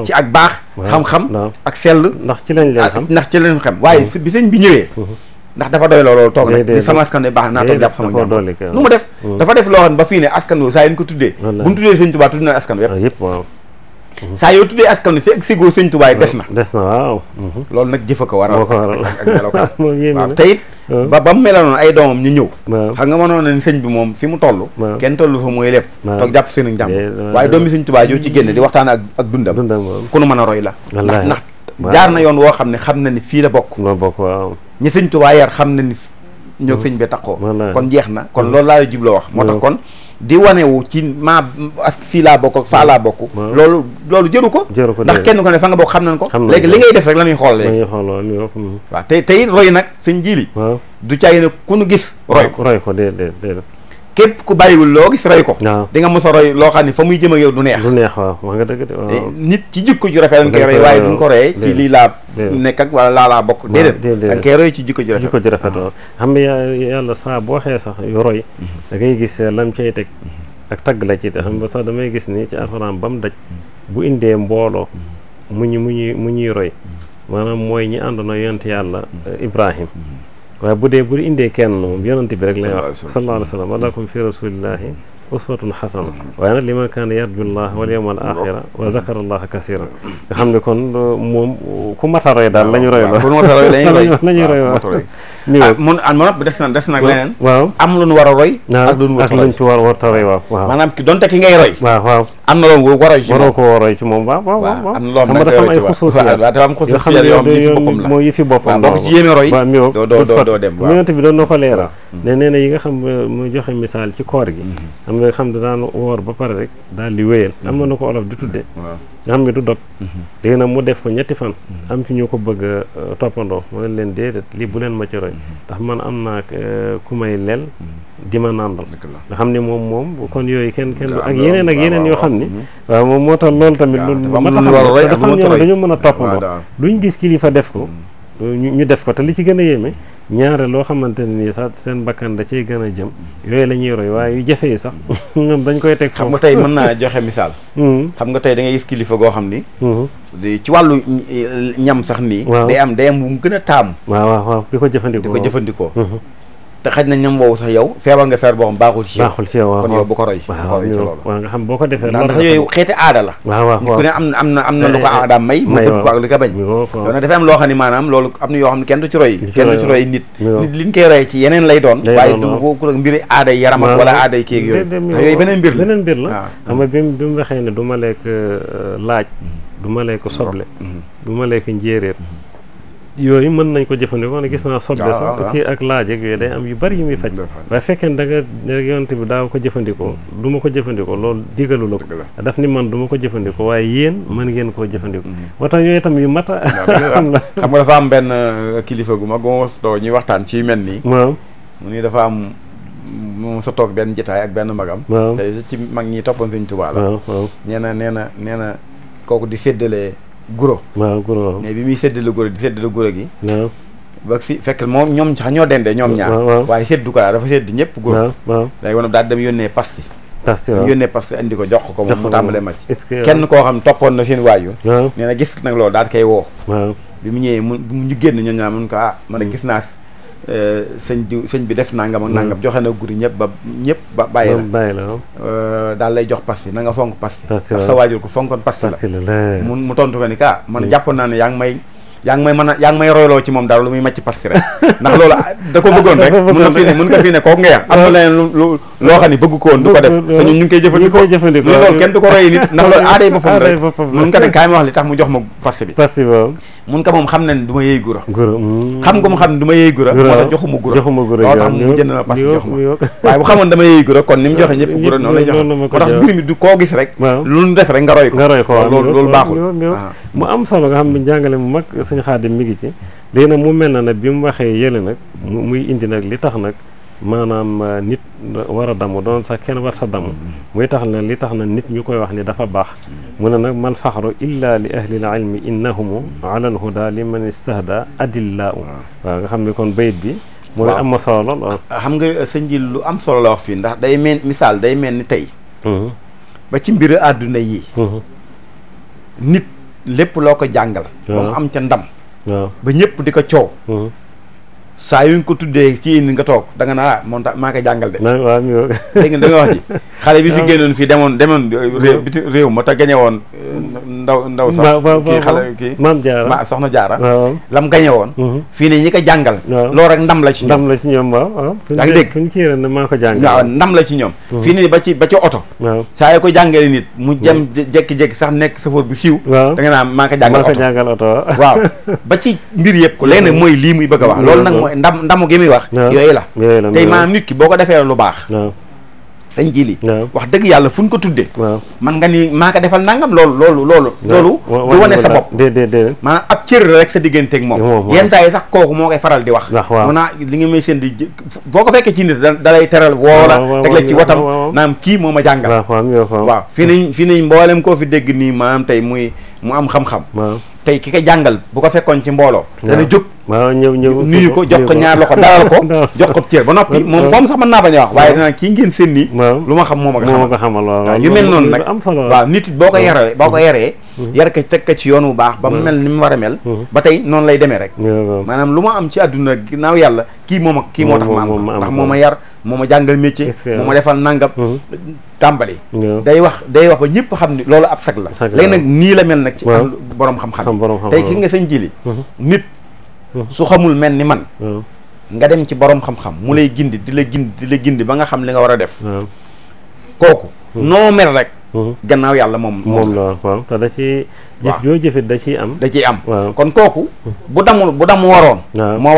ci ak baax xam-xam ak sell ndax ci lañ leen ndax ci lañ xam waaye bi sëñ bi ñëwee ndax dafa doy loolu toog rek ni sama askan wi baax naa toog jàpp sama njàmm lu mu def dafa def loo xam ba fii ne askan wi saa yu ñu ko tuddee bu ñu tuddee sëñ tubaa tudd na askan wi yëpp ah, waaw mhm. tuddee askan wi fekk na des na mhm. loolu nag jëfa ko waral ak melokaan waaw te it ba ba mu melanoon ay doomam ñu ñëw xam nga mënoon nañ sëñ bi moom fi mu toll kenn toll fa mooy lépp jàpp seen njàmm waaye doomi sëñ tubaa joo ci génne di waxtaan ak ak dundam ku nu mën a roy la ndax jaar na yoon woo xam ne xam na ni fii la bokk la bokk ñi sëñ Tuubaa yar xam na ni ñoo sëñ bi taxoo kon jeex na kon loolu laa la jubloo wax moo tax kon di wanewu ci maa ak fii laa bokk ak faa laa bokk loolu loolu jëru ko ndax kenn ko ne fa nga bokk xam nañ ko léegi li ngay def rek la ñuy xool waa hmm. waaw te tey roy nag sëñ jili du caay ne ku nu gis roy ko roy ko déedéet déedéet képp ku bàyyiwul loo gis roy ko di nga mos a roy loo xam ne fa muy jëm ak yow du neex du neex waaw wax nga dëgg de eh, nit ci jikko ju rafet nga koy roy waaye duñ ko royee ci lii laa nekk ak wala laa laa bokk déedéet da nga koy ci jikko ju rafet jikko ju rafet waaw xam nga boo xee sax yu roy mhm. da ngay gis lam cay teg mhm. ak tagg la ci te xam nga damay gis ni ci alxuraan ba mu daj mhm. bu indee mbooloo mu ñu mu ñuy mu ñuy roy maanaam mooy ñi àndoona yonent yàlla Ibrahim waaye bu dee bu indee kenn moom yonent bi rek lay wax sallallahu alayhi wa sallam walakum fi rasulillahi uswatun xasana mm-hmm. waaye nag liman kaana yarju llah wal yawmal axira mm-hmm. wa zakara allaha kasiran nga xam ne kon moom ku mata roy daal la ñu roy la lañuy roy waaw mun ah, mo nop des na des nag leneen waaw am lu ñu war a roy ak lu ñu war a roy maanaam ki donte ki ngay roy waaw waaw am na loo war a ci moom ci moom waaw waaw waaw am na loo xam ne dafa am ay xusuusiyaat dafa am xusuusiyaat yoo xam ne yëfi boppam la mooy yëfi boppam boo ko ci yéeme roy doo doo doo dem waaw yonent bi doon na ko leeral ne nee na yi nga xam mu joxe misaal ci koor gi mm-hmm. am nga xam ne daan woor ba pare rek daal di wéyal am na na ko olof di tudde waaw mm-hmm. nga xam ne du dog mm-hmm. léegi nag mu def ko ñetti fan am ci ñu ko bëgg euh, toppandoo toppandoo mooy leen déedéet lii bu leen ma ci roy ndax man am naa euh, ku may lel di ma nàndal nga xam ne moom moom kon yooyu kenn kenn ak yeneen ak yeneen yoo xam ne waaw moom moo tax loolu tamit lu mat a xam dafa am ñoo dañu mën a mm. ñu def ko li ci gën a yéeme ñaare loo xamante ne nii sax seen bakkan da cee gën a jëm mm. yooyu la ñuy roy waaye jafe yi sax dañ koy teg xam nga tey mën naa joxe misaal mm. xam nga tey da gis kilifa goo xam ni mm-hmm. ci wàllu ñam sax nii day am day am mu gën a taam waaw waaw waaw ko jëfandikoo te xaj na ñam woowu sax yow feebar nga feebar boo xam baaxul ci baaxul yow kon yow bu ko roy bu ko roy nga xam boo ko defee loolu ndax yooyu la waaw waaw nit ku am na am na am na lu ko aada may mu bëgg ko am loo xam ne maanaam loolu am na yoo xam ne kenn du ci roy nit nit liñ koy roy ci yeneen lay doon waaye du ku mbiri aada yaram ak wala aada yi kéeg yooyu yooyu beneen mbir la beneen mbir la xam nga bi bi mu waxee ne du ma lekk euh, laaj du ma lekk soble mm-hmm. du ma lekk njéeréer yooyu mën nañ ko jëfandikoo ne gis naa soble sax kii ak laajeeg yooyu day am yu bari yu muy faj waaye fekkee da nga yonte bi daaw ko jëfandikoo hmm. duma ko jëfandikoo loolu digalu la ko daf ni man du ma ko jëfandikoo waaye yéen mën ngeen koo jëfandikoo hmm. moo tax yooyu itam yu mata am la xam nga dafa am benn euh, kilifa gu mag gu ma wastoo waxtaan ci mel nii waaw mu ni dafa am moom sa toog benn jitaay ak benn magam te ci mag ñi toppoon Sëñ Tuubaa la nee na nee na nee na kooku di séddalee guro waaw guro mais bi muy séddale guro di séddale guro gi waaw ba si fekk moom ñoom sax ñoo dendee ñoom ñaar waaye séddu ko daal dafa sédd ñëpp guro waaw léegi daal dem yónnee pasti pasti waaw yónnee pasti ko jox ko mu tàmbalee màcc kenn koo xam toppoon na seen waajur nee na gis nag loolu daal koy woo bi mu ñëwee mu ñu génn ñoom ñaar mun ko ah man a gis naa Euh, sëñ diw sëñ bi def nangam ak nangam hmm. joxe na guri ñëpp ba ñëpp ba bàyyi la euh, daal lay jox pasti na fonk pasti pasti la mu mu tontu ko ni kaa man hmm. jàppoon naa ne yaa ngi may a royloo ci moom daal lu muy macc pasti rek ndax loolu ah, da ko bëggoon rek mun nga fii ne kooku nga yam am na leneen lu loo xam ne bëgg ko du ko def te ñun ñu koy jëfandikoo loolu kenn du ko roy nit ndax loolu aaday boppam rek mun nga ne kaay wax li tax mu jox ma pasti bi pasti mun ka moom xam na ne du ma yëy gura mm. xam nga mu xam ne du ma yëy gura moo tax joxuma gura joxuma gura moo tax mu kon ni mu joxe ñëpp gura noonu lay joxe moo tax mbir mi du koo gis rek lu ñu def ko nga roy ko loolu loolu baaxul ah. mu am solo nga xam ne jàngale mu mag sëñ Xaadim mi ngi ci léegi nag mu mel na nag bi mu waxee yële nag muy indi nag li tax nag manam nit wara damu don sax ken war sa damu muy tax na li tax na nit ñukoy wax ni dafa bax mu nak mal fakhru illa li ahli ahlil ilmi ala al huda liman istahda adilla wa nga xamni kon bayit bi moy am solo lool xam nga sëñ di lu am solo la wax fi ndax day mel misal day mel ni tey ba ci mbir aduna yi nit lépp loko jàngal ba am ci ndam ba ñëpp diko ko saa yu yuñ ko tuddee ci indi nga toog da nga naa ah moom maa ko jàngal de. waaw dégg nga da nga wax ji. xale bi fi génnoon fii demoon demoon réew biti réew ma te gañe eh, ndaw ndaw sax kii xale kii ma soxna jaara lam gañe woon. Mhm. fii ne ñi jàngal. loolu rek ndam la ci ndam la ci ñoom waaw waaw. yaa ngi dégg fu ñu ciy ko jàngal. ndam la ci ñoom. Mhm. fii ba ci ba ci oto. waaw ko jàngalee nit. mu mhm. jëm jékki-jékki sax nekk safoor bu siiw. waaw da nga naa maa ko jàngal oto waaw ba ci mbir yëpp ko léegi mooy lii muy bëgg wax loolu nag mooy ndam ndamu gi muy wax yooyu la tey maanaam nit ki boo ko defee lu baax lo jili wax dëgg yàlla fu ñu ko tuddee man nga ni maa defal nangam loolu loolu loolu loolu du wane sa bopp maanaam ab cër rek sa diggante ak moom yenn saa sax kooku moo koy faral di wax mun li nga may seen di boo ko fekkee ci nit da lay teral woo la teg la ci watam naam kii moo ma jàngal waaw fii nañ fii nañ mboolem fi dégg nii maanaam tey muy mu am xam-xam tey ki ko jàngal bu ko fekkoon ci mbooloo dana jóg waaw ñëw ñëw nuyu ko jox ko ñaar loxo dalal ko jox ko cër ba noppi moom moom sax mën naa bañ a wax waaye danaan kii ngeen seen nii lu ma xam moom a ko xamal waaw yu mel noonu nag waaw nit boo ko mm-hmm. yaree boo ko yaree mm-hmm. yar ko teg ko ci yoon wu baax ba mu mm-hmm. mel ni mu war a mel ba tey noonu lay demee rek maanaam lu ma am ci àdduna ginnaaw yàlla kii moom ak kii moo tax ma am ko ndax moo ma yar moo ma jàngal métier moo ma defal nangam tàmbali day wax day wax ba ñëpp xam ni loolu ab sag la léegi nag nii la mel nag ci borom xam-xam tey nga sëñ jili su xamul mel ni man nga dem ci boroom xam-xam mu lay gindi di la gindi di la gindi ba nga xam li nga war a def kooku hmm. noo mel rek hmm. gannaaw yàlla moom moom la waaw te da ci jëf joo da ciy am da ciy am kon kooku bu damu war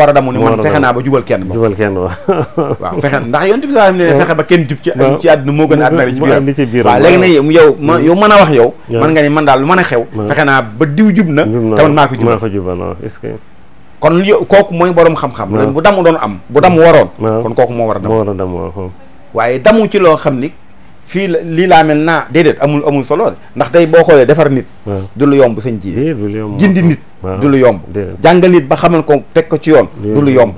a damu ni man fexe naa ba jubal kenn ba jubal a àdduna li ci biir waaw léegi nag yow ma hmm. yow mën a wax yow man nga ni man daal lu mën a xew fexe naa ba diw jub na te man maa ko jubal maa kon yo kooku mooy borom xam-xam. waaw bu damu doon am bu damu waroon. kon kooku moo war a dam moo war a dam waaye damu ci loo xam ni fii la lii laa mel naa déedéet amul amul solo ndax tey boo xoolee defar nit. du lu yomb sañ ji. jindi nit. du lu yomb. jàngal nit ba xamal ko teg ko ci yoon. du lu yomb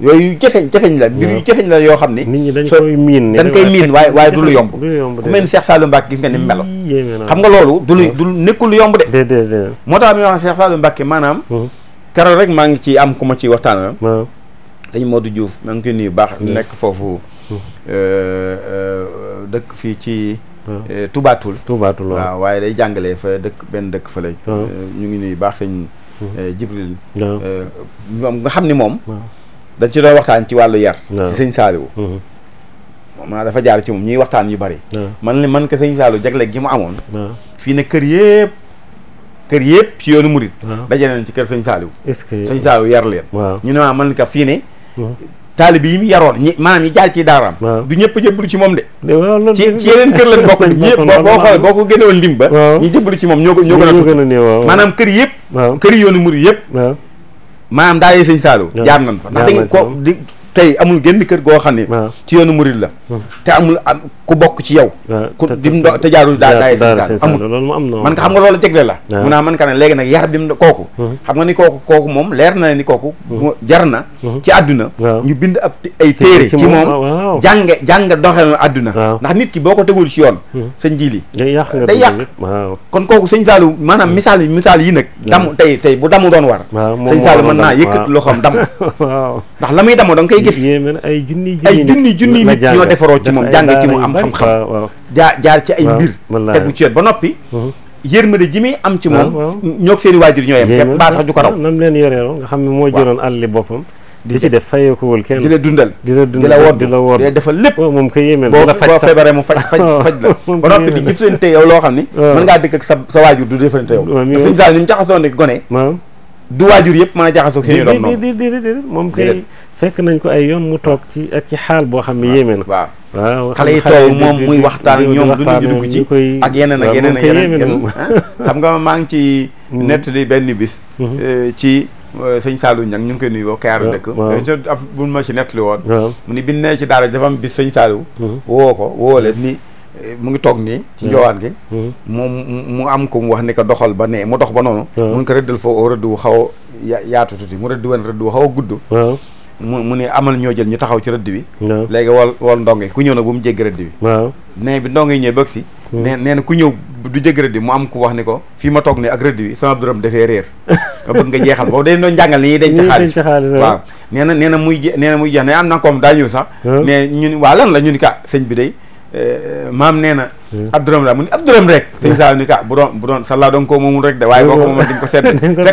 yooyu jafeñ jafeñ la. mbir yu jafeñ la yoo xam ni. nit ñi dañ koy miin dañ koy miin waaye waaye du lu yomb. ku mel ni Cheikh Saliou Mbacke gis nga ni melo. xam nga loolu du lu du nekkul lu yomb de. moo tax mi wax Cheikh Saliou Mbacke maanaam keroog rek maa ngi ci am ku ma ciy waxtaan waaw sëñ Modou Diouf maa ngi koy nuyu baax. Mm. nekk foofu. Mm. Euh, euh, dëkk fii ci. Mm. Euh, Toubatul. Toubatul waaye day jàngalee fa dëkk benn dëkk fa lay. ñu ngi nuyu baax sañ Jibril. moom nga xam ni moom. dañ ci doon waxtaan ci wàllu yar. ci sëñ Saliou. Mm-hmm. maa dafa jaar ci moom ñuy waxtaan yu bari. man li man ko sëñ Saliou jagle gi mu amoon. fii ne kër yëpp. kër yëpp ci yoonu murit daje nañ ci kër sëñ Saaliw yar leen ñu ne maa mën ka fii ne yi mu yaroon ñi maanaam ñi jaar ci daaraam du ñëpp jëblu ci moom de ci ci yeneen kër lañ bokk ñëpp boo xoolee boo ko génnewoon lim ba ñi jëblu ci moom ñoo ñoo gën a tuuti maanaam kër yëpp kër yoonu murit yëpp maanaam daayee sëñ jaar nañ fa tey amul génn kër goo xam ne ci yoonu murid la te amul am ku bokk ci yow ku dim do te jaarul daa daay seen amul loolu am na man nga xam nga loolu jegle la mu naa man ka ne léegi nag yar bi mu kooku xam nga ni kooku kooku moom leer na ni kooku jar na ci àdduna ñu bind ab ay téere ci moom jàng jàng doxee àdduna ndax nit ki boo ko tegul ci yoon hmm. sëñ ji li day yàq kon kooku sëñ Saalu maanaam hmm. misaal yi misaal yi nag damu hmm. tey tey bu damu doon war sëñ Saalu mën naa yëkkat loxoom damu la muy damu da nga koy gis ay junni junni nit ñoo defaroo ci moom jàng ci mu am xam-xam jaa jaar ci ay mbir tegu ci yoon ba noppi mhm. yërmande ji muy am ci moom ñoo seen i waajur ñoo yem képp mbaa sax ju ko raw nam leen yoreeloon nga xam ne moo jëloon àlli boppam di ci def fayeekuwul di la dundal di la dundal di la wodd di la wodd di oh, boo feebaree mu faj faj oh, faj la ba noppi di jëflante yow loo xam ni oh. mën ngaa dëkk ak sa sa waajur du jëflante yow suñu sal ni mu jaxasoo ne gone du waajur yëpp mën a jaxasoo seen i doom moom fekk nañ ko ay yoon mu toog ci ak ci xaal boo xam ne yéeme na waaw waaw xale yi toog moom muy waxtaan ñoom du ñu dugg ci koy ak yeneen ak yeneen ak yeneen ah, xam nga maa ngi ci mm-hmm. nett di benn bis mm-hmm. eh, ci eh, sëñ Saalou Niang ñu ngi koy nuyoo Kayar dëkk so eh, af bu ma ci nett li woon mu ni bin nee ci daara dafa am bis sëñ Saalou mm-hmm. woo ko woo leen ni mu ngi toog nii ci njoowaan gi moom mu am ko mu wax ni ko doxal ba nee mu dox ba noonu mu ngi ko rëddal foo rëdd wu xaw a yaatu tuuti mu rëdd woon rëdd wu xaw a gudd mu mu ne amal ñoo jël ñu taxaw ci rëdd bi léegi wal wal ndongo ku ñëw nag bu mu jéggi rëdd bi waaw nee bi ndongo yi ñëw bëgg si hmm. ne nee na ku ñëw du jéggi rëdd bi mu am ku wax ni ko fii ma toog nii ak rëdd bi sama abdouram dafee réer nga bëgg nga jeexal boobu dañ doon jàngal ni denc xaalis waaw nee na nee muy nee na muy jeex ne am na koom daa ñëw sax ne hmm. ñun waa lan la ni ka ah, sëñ bi day maam nee na hmm. ab dërëm la mu ni ab dërëm rek hmm. sëñ Saliou ni ka bu doon bu doon sallaa doon koo moomul rek de waaye boo ko moomoon diñ ko seet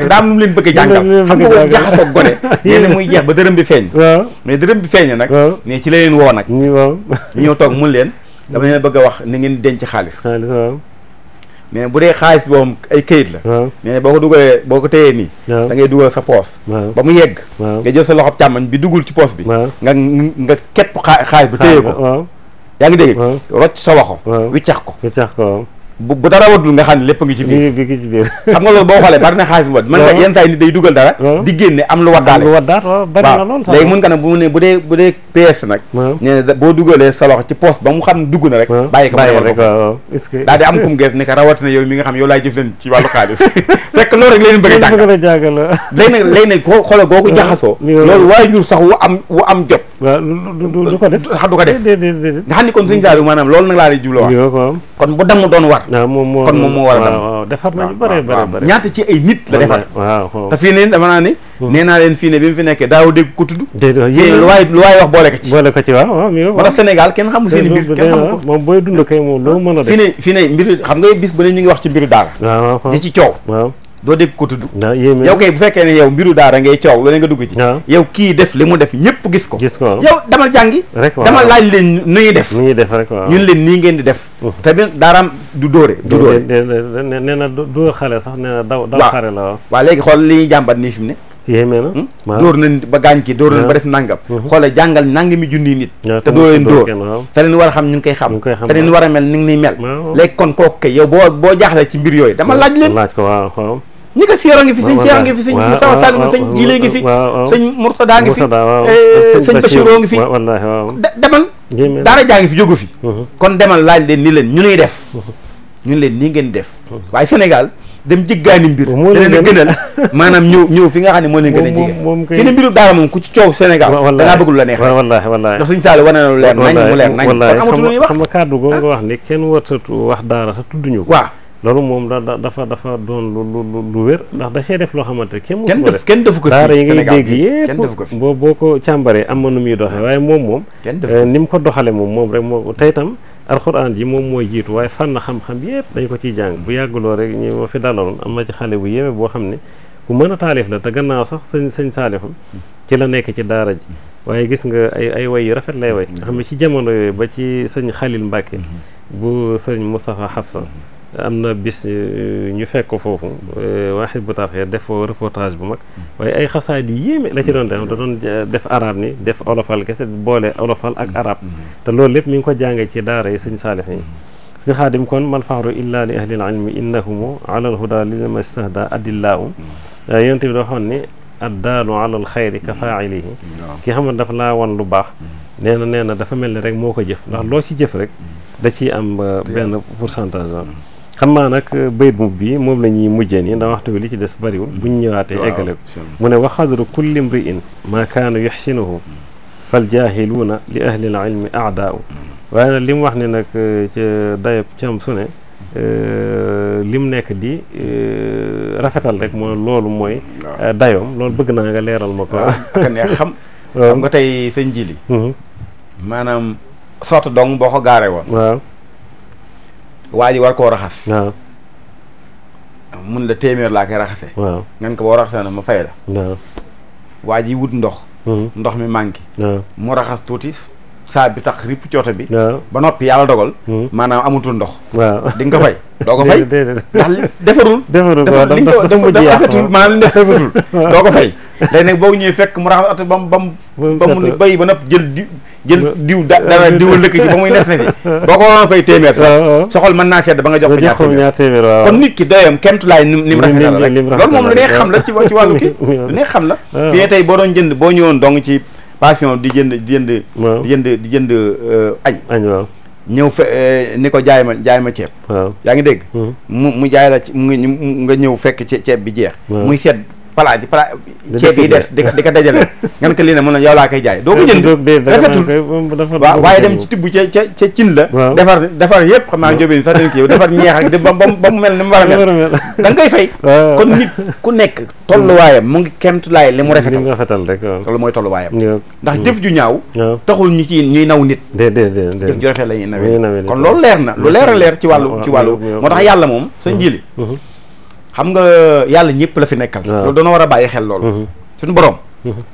daa am leen bëgg a jàngal xam nga ko jaxasoo gone nee muy jeex ba dërëm bi feeñ mais dërëm bi feeñe nag ne ci la leen woo nag waaw ñu ñëw toog mun leen dama leen bëgg a wax ni ngeen denc xaalis xaalis waaw mais bu dee xaalis boobu ay këyit la mais boo ko dugalee boo ko téyee nii da ngay dugal sa poos ba mu yegg nga jël sa loxo càmmoñ bi dugul ci poos bi nga nga képp xaalis bi téye ko yaa ngi dégg. rocc sa waxo. wiccax ko wiccax ko bu bu dara wadul nga xam ne lépp ngi ci biir lépp ngi ci biir xam nga loolu boo xoolee bari na xaalis bu wad mën nga yenn saa yi nit day dugal dara di génne am lu waddaale bari na boo dugalee sa ci poste ba mu xam ne dugg na rek bàyyi ko am kum gees ne ka mi nga xam yow laay jëf leen ci wàllu xaalis fekk loolu rek leen bëgg a jàngal jàngal nag sax wu am am jot ko def xam ko def nga xam ni kon sëñ Saliou maanaam loolu nag laa lay jubloo kon bu damm doon war waaw ah, moom moo kon moom moo war a dem waaw defar nañu bare bare bare ñaata ci ay nit la defar te fii ne dama naa ne hmm. nee leen fii bi mu fi nekkee daaw dégg ko tudd fii lu waay lu waay wax boole ko ci boole ko ci waaw waaw moo Sénégal kenn xamu seen i mbir kenn xamu ko moom booy dund kay moom loo mën a def fii ne fii mbiru xam nga bis bu ne ñu ngi wax ci mbiru daara waaw ci coow doo dégg ko tudd ah, yow kay bu fekkee ne yow mbiru daara ngay coow loolu nga dugg ci ah. yow kii def li mu def ñëpp gis ko ko yow damal jàngi damal laaj leen nu ñuy def nu ñuy rek waaw ñun leen nii ngeen di def uh. tamit daaraam du dóore du dóore nee na dóor xale sax nee na daw daw xale la waaw waaw léegi xool li ñuy jàmbat nii fi mu ne yéemee na hmm? dóor nañ ba gaañ ki dóor nañ ba ah. def nangam uh-huh. xoole jàngal nangami junniy nit te doo leen dóor te leen war a xam ñu ngi koy xam te leen war a mel ni ngi niy mel léegi kon kooku kay yow boo boo jaaxle ci mbir yooyu dama laaj leen laaj ko waaw ñi ko siyaara ngi fi sëñ siyaara ngi fi sëñ Moussa Waxtaan ngi fi sëñ Jile ngi fi sëñ demal daara jaa ngi fi jógu fi uh-huh. kon demal laaj leen ni leen ñu nuy def uh-huh. ñun leen nii ngeen def uh-huh. waaye Sénégal dem jiggaani mbir dana gënal maanaam ñëw ñëw fi nga xam ne moo leen gën a jige fi ne mbiru daara moom ku ci coow Sénégal da ngaa la neex wallaahi wallaahi ndax sëñ Sall wane na lu leer nañ mu leer nañ kon amatu lu wax kàddu goo nga ah. wax ni kenn waratu wax daara sa tudd ñu waaw loolu moom da dafa dafa doon lu lu lu wér ndax da see def loo xamante kenn mu def kenn defu ko daara yi ngay dégg yëpp boo boo ko càmbaree am na nu muy doxee waaye moom moom euh, ni mu ko doxale moom moom rek moo tey tam alxuraan ji moom mooy jiitu waaye fànn xam yëpp dañ ko ciy jàng bu yàgguloo rek ñu ma fi dalaloon am na ci xale bu yéeme boo xam ne ku mën a taalif la te gannaaw sax sañ sëñ saalifam ci la nekk ci daara ji waaye gis nga ay ay way yu rafet lay way nga xam ne ci jamono yooyu ba ci sëñ Xalil Mbàkke bu sëñ xaf Hafsa amna bis ñu fekk ko fofu waxit bu tarxee def foo reportage bu mag way ay xasaayid yu yeme la ci doon def da doon def arab ni def olofal kesse boole olofal ak arab te lool lépp mi ngi ko jàngé ci daara yi seigne salih yi seigne khadim kon mal faxru illa li ahli al-ilm innahum ala al huda lima istahda adillaahum yonent bi do xon ni ala al-khair ka fa'ilihi ki xam ne dafa laa wan lu bax neena neena dafa melni rek moko jëf ndax lo ci jëf rek da ci am benn pourcentage xam naa nag euh, bayt mu bii moom la ñuy mujjee nii ndax waxtu bi li ci des bariwul mm-hmm. buñ ñëwaatee eggale ko mu ne wa xadru kulli mriin maa kaanu yuxsinuhu mm-hmm. fal jaahiluuna li ahlil ilmi aadaau mm-hmm. waaye nag li mu wax ne nag euh, ca dayab cam su ne euh, lim nekk di rafetal rek mooy loolu mooy dayoom loolu bëgg naa nga leeral ma ko neex xam xam nga tey sëñ jili maanaam sotti dong boo ko gaare woon waa ji war koo raxas. waaw. mun la téeméer laa koy raxase. waaw ko boo raxasee na ma fay la. waa ji wut ndox. Hmm. ndox mi manqué. mu raxas tuuti. saa bi tax ripp cooto bi. ba noppi yàlla dogal. Hmm. maanaam amutul ndox. waaw ko fay. doo ko fay ndax defarul. defarul waaw defarul doo ko fay. léegi nag boo ñëwee fekk mu raxas oto ba mu ba mu ba mu ni béy ba nopp jël di jël diw da dara diw lëkk ji ba muy nes ne ji boo ko waroon fay téeméer sax ah, ah. soxol mën naa sedd ba nga jox ko ñaar téeméer waaw kon nit ki doyam kemtulaay ni mu rafetal rek loolu moom lu neex xam la ci ci wàllu kii lu neex xam la ah. fii tey boo doon jënd boo ñëwoon dong ci passion di jënd di jënd di jënd di jënd euh, añ añ waaw ñëw fe euh, ni ko jaay ma jaay ma ceeb waaw yaa ngi dégg hmm. mu mu jaay la mu nga ñëw fekk ceeb bi jeex muy sedd palaat yi palaat ceeb yi des di ko di ko dajale nga ne ko lii ne mën na yow laa koy jaay doo ko jënd rafetul waaw waaye dem ci tibb ca ca ca cin la defar defar yëpp xam naa jóbee ni sax dañ ko yow defar ñeex ak ba ba mel ni mu war a mel fay kon ku nekk tolluwaayam mu ngi kemtulaay li mu rafetal rek loolu mooy tolluwaayam ndax jëf ju ñaaw taxul ñu ci ñuy naw nit jëf ju rafet la leer na lu leer leer ci wàllu ci wàllu moo tax yàlla moom sa mm-hmm. njili mm-hmm. xam nga yàlla ñëpp la fi nekkal. waaw loolu dañoo war a bàyyi xel loolu. Mm-hmm. suñu borom. Mm-hmm.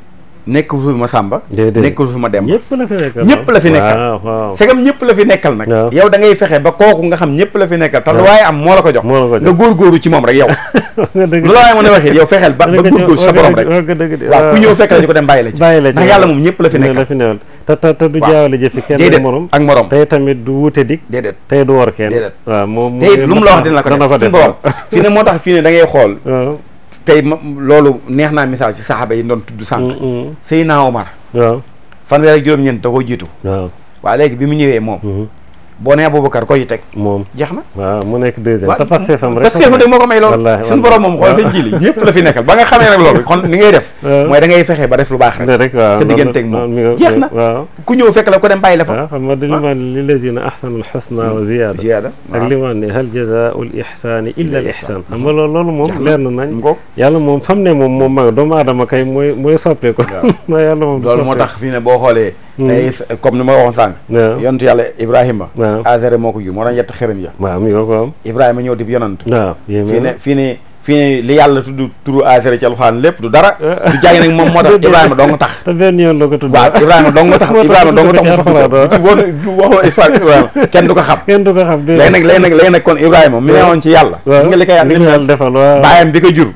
nekk fi ma sàmba nekkul fi ma dem ñëpp la fi nekkal segam ñëpp la fi nekkal nag yow da ngay fexe ba kooku nga xam ñëpp la fi nekkal te lu waaye am moo la ko jox nga góorgóorlu ci moom rek yow lu la waaye ba ba sa borom rek waaw ku ñëw fekk la ko dem bàyyi la ci ndax yàlla moom ñëpp la fi nekkal te te te du jaawale jëfi kenn ak morom tey tamit du wuute dik déedéet te du war kenn déedéet waaw moom tey lu mu la wax dina la ko def suñu fi ne moo tax fii ne da ngay xool tey loolu neex naa misaal ci saxaaba yi doon tudd sànq mm, mm. Seydina Omar waaw fanweer ak juróom-ñeent da koo jiitu waaw léegi bi mu ñëwee moom mm-hmm. boo nee Aboubacar koy teg. moom jeex na. waaw mu nekk deuxième te Pastefam rek. Pastefam de moo ko may loolu. wallaahi suñu borom moom xool seen jili yëpp la fi nekkal ba nga xamee rek loolu kon ni ngay def. mooy da ngay fexe ba def lu baax rek. te digganteeg moom jeex na. ku ñëw fekk la ko dem bàyyi la fa. waaw xam nga dañu naan li lazina ahsanul husna wa ziyaada. ziyaada ak li ma ne hal jazaa'ul ihsaani illa al ihsaan. xam nga loolu loolu moom leer na nañ. yàlla moom fam ne moom moom mag doomu aadama kay mooy mooy soppee ko. waaw yàlla moom du soppee loolu moo tax fii ne boo xoolee te mm. eh, comme ni ma waxoon sànq. waaw yonent yàlla Ibrahima. waaw Azara moo ko jur moo daan yett xërëm ya. waaw mi ngi ko am. yonant. waaw fii fii li yàlla tudd turu asra ci alxuraan lépp du dara du jàngi nag moom moo tax ibrahima dong tax ibrahima dong tax ibrahima dong tax ci woon waxoon histoire ibrahima kenn du ko xam kenn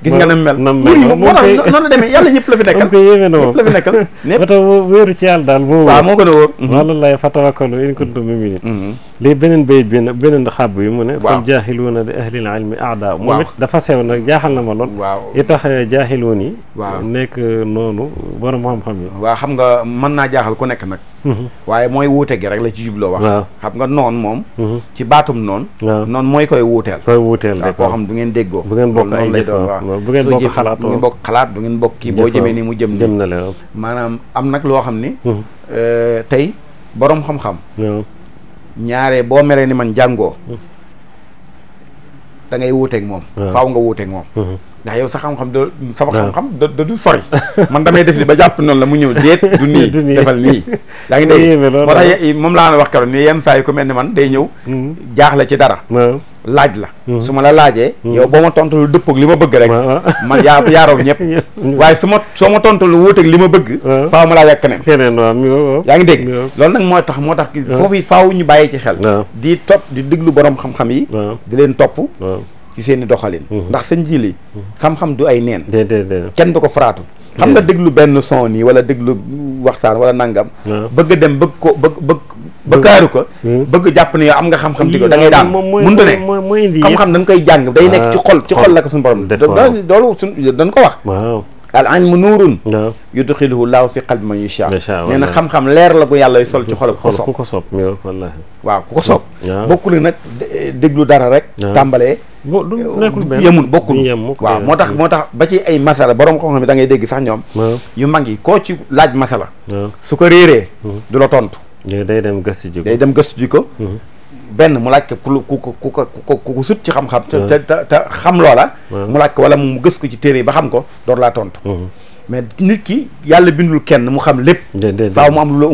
gis nga li na mel tax la fi nekkal ñëpp la fi nekkal wéeru ci yàlla daal moo wóor moo gën a wóor wàllu lay fatawakkalu in kuntum mu'minin mm-hmm. léegi beneen béy bi nag beneen xàbb yi mu ne fam jaaxiluuna li ahlil ilmi aada moom it dafa sew nag jaaxal na ma lool waaw yi tax eh, jaaxiloon yi waaw nekk noonu borom xam-xam yi waaw xam nga mën naa jaaxal ku nekk nag mhm. waaye mooy wuute rek la ci jubloo wax xam nga noon moom mhm. ci baatum noon noon mooy koy wuuteel koy wuuteel waaw koo xam du ngeen déggoo bu ngeen bokk ay lay doon waaw bu ngeen bokk xalaat du ngeen bokk xalaat boo jëmee ni mu jëm jëm na la maanaam am nag loo xam ni mhm. eh, tey boroom xam-xam ñaare boo meree ni man jàngoo dangay ngay moom faaw nga wuuteeg moom ndax yow sa xam-xam da sama xam-xam da du sori man damay def ni ba jàpp noonu la mu ñëw déet du nii defal nii yaa ngi dégg moo tax moom laa na wax keroog ni yenn saa yi ku mel ni man day ñëw jaaxle ci dara laaj la hmm. suma la laajee hmm. yow boma tontu lu depp ak ma bëgg rek man ya yaaroo ñëpp waaye su suma soo tontu lu wut ak lima bëgg hmm. faaw ma la yak kenen kenen wa ya nga dégg lool nak moo tax moo tax foofu faaw ñu bayé ci xel di top di diglu borom xam-xam yi di leen top ci seen doxalin ndax seen jili xam-xam du ay neen kenn du ko faraatu xam nga déglu ben son ni wala déglu waxtaan wala nangam bëgg dem bëgg ko bëgg ba kaaru ko hmm. bëgg jàpp ne yow am nga xam-xam di ko da ngay daan mënut ne xam-xam dañ koy jàng day nekk ci ah, xol ci xol la ko suñu borom doolu suñ dañ ko wax al ilmu nuurun yudxiluhu laahu fi qalbi man yashaa nee na xam-xam leer la ko yàlla sol ci xol ku ko soob waaw ku ko soob bokkul nag déglu dara rek tàmbalee yemul bokkul waaw moo tax moo tax ba ci ay masala borom xam-xam da ngay dégg sax ñoom yu mag yi koo ci laaj masala su ko réeree hmm. du la tontu day dem gëstu ji ko day dem gëstu ji ko. Mhm. benn mu laaj ko ku ku ku ku ku sut ci xam-xam. te te xam loola. mu laaj ko wala mu gës ko ci téere yi ba xam ko door laa tontu. Mhm. mais nit ki yàlla bindul kenn mu xam lépp. faaw mu am lu la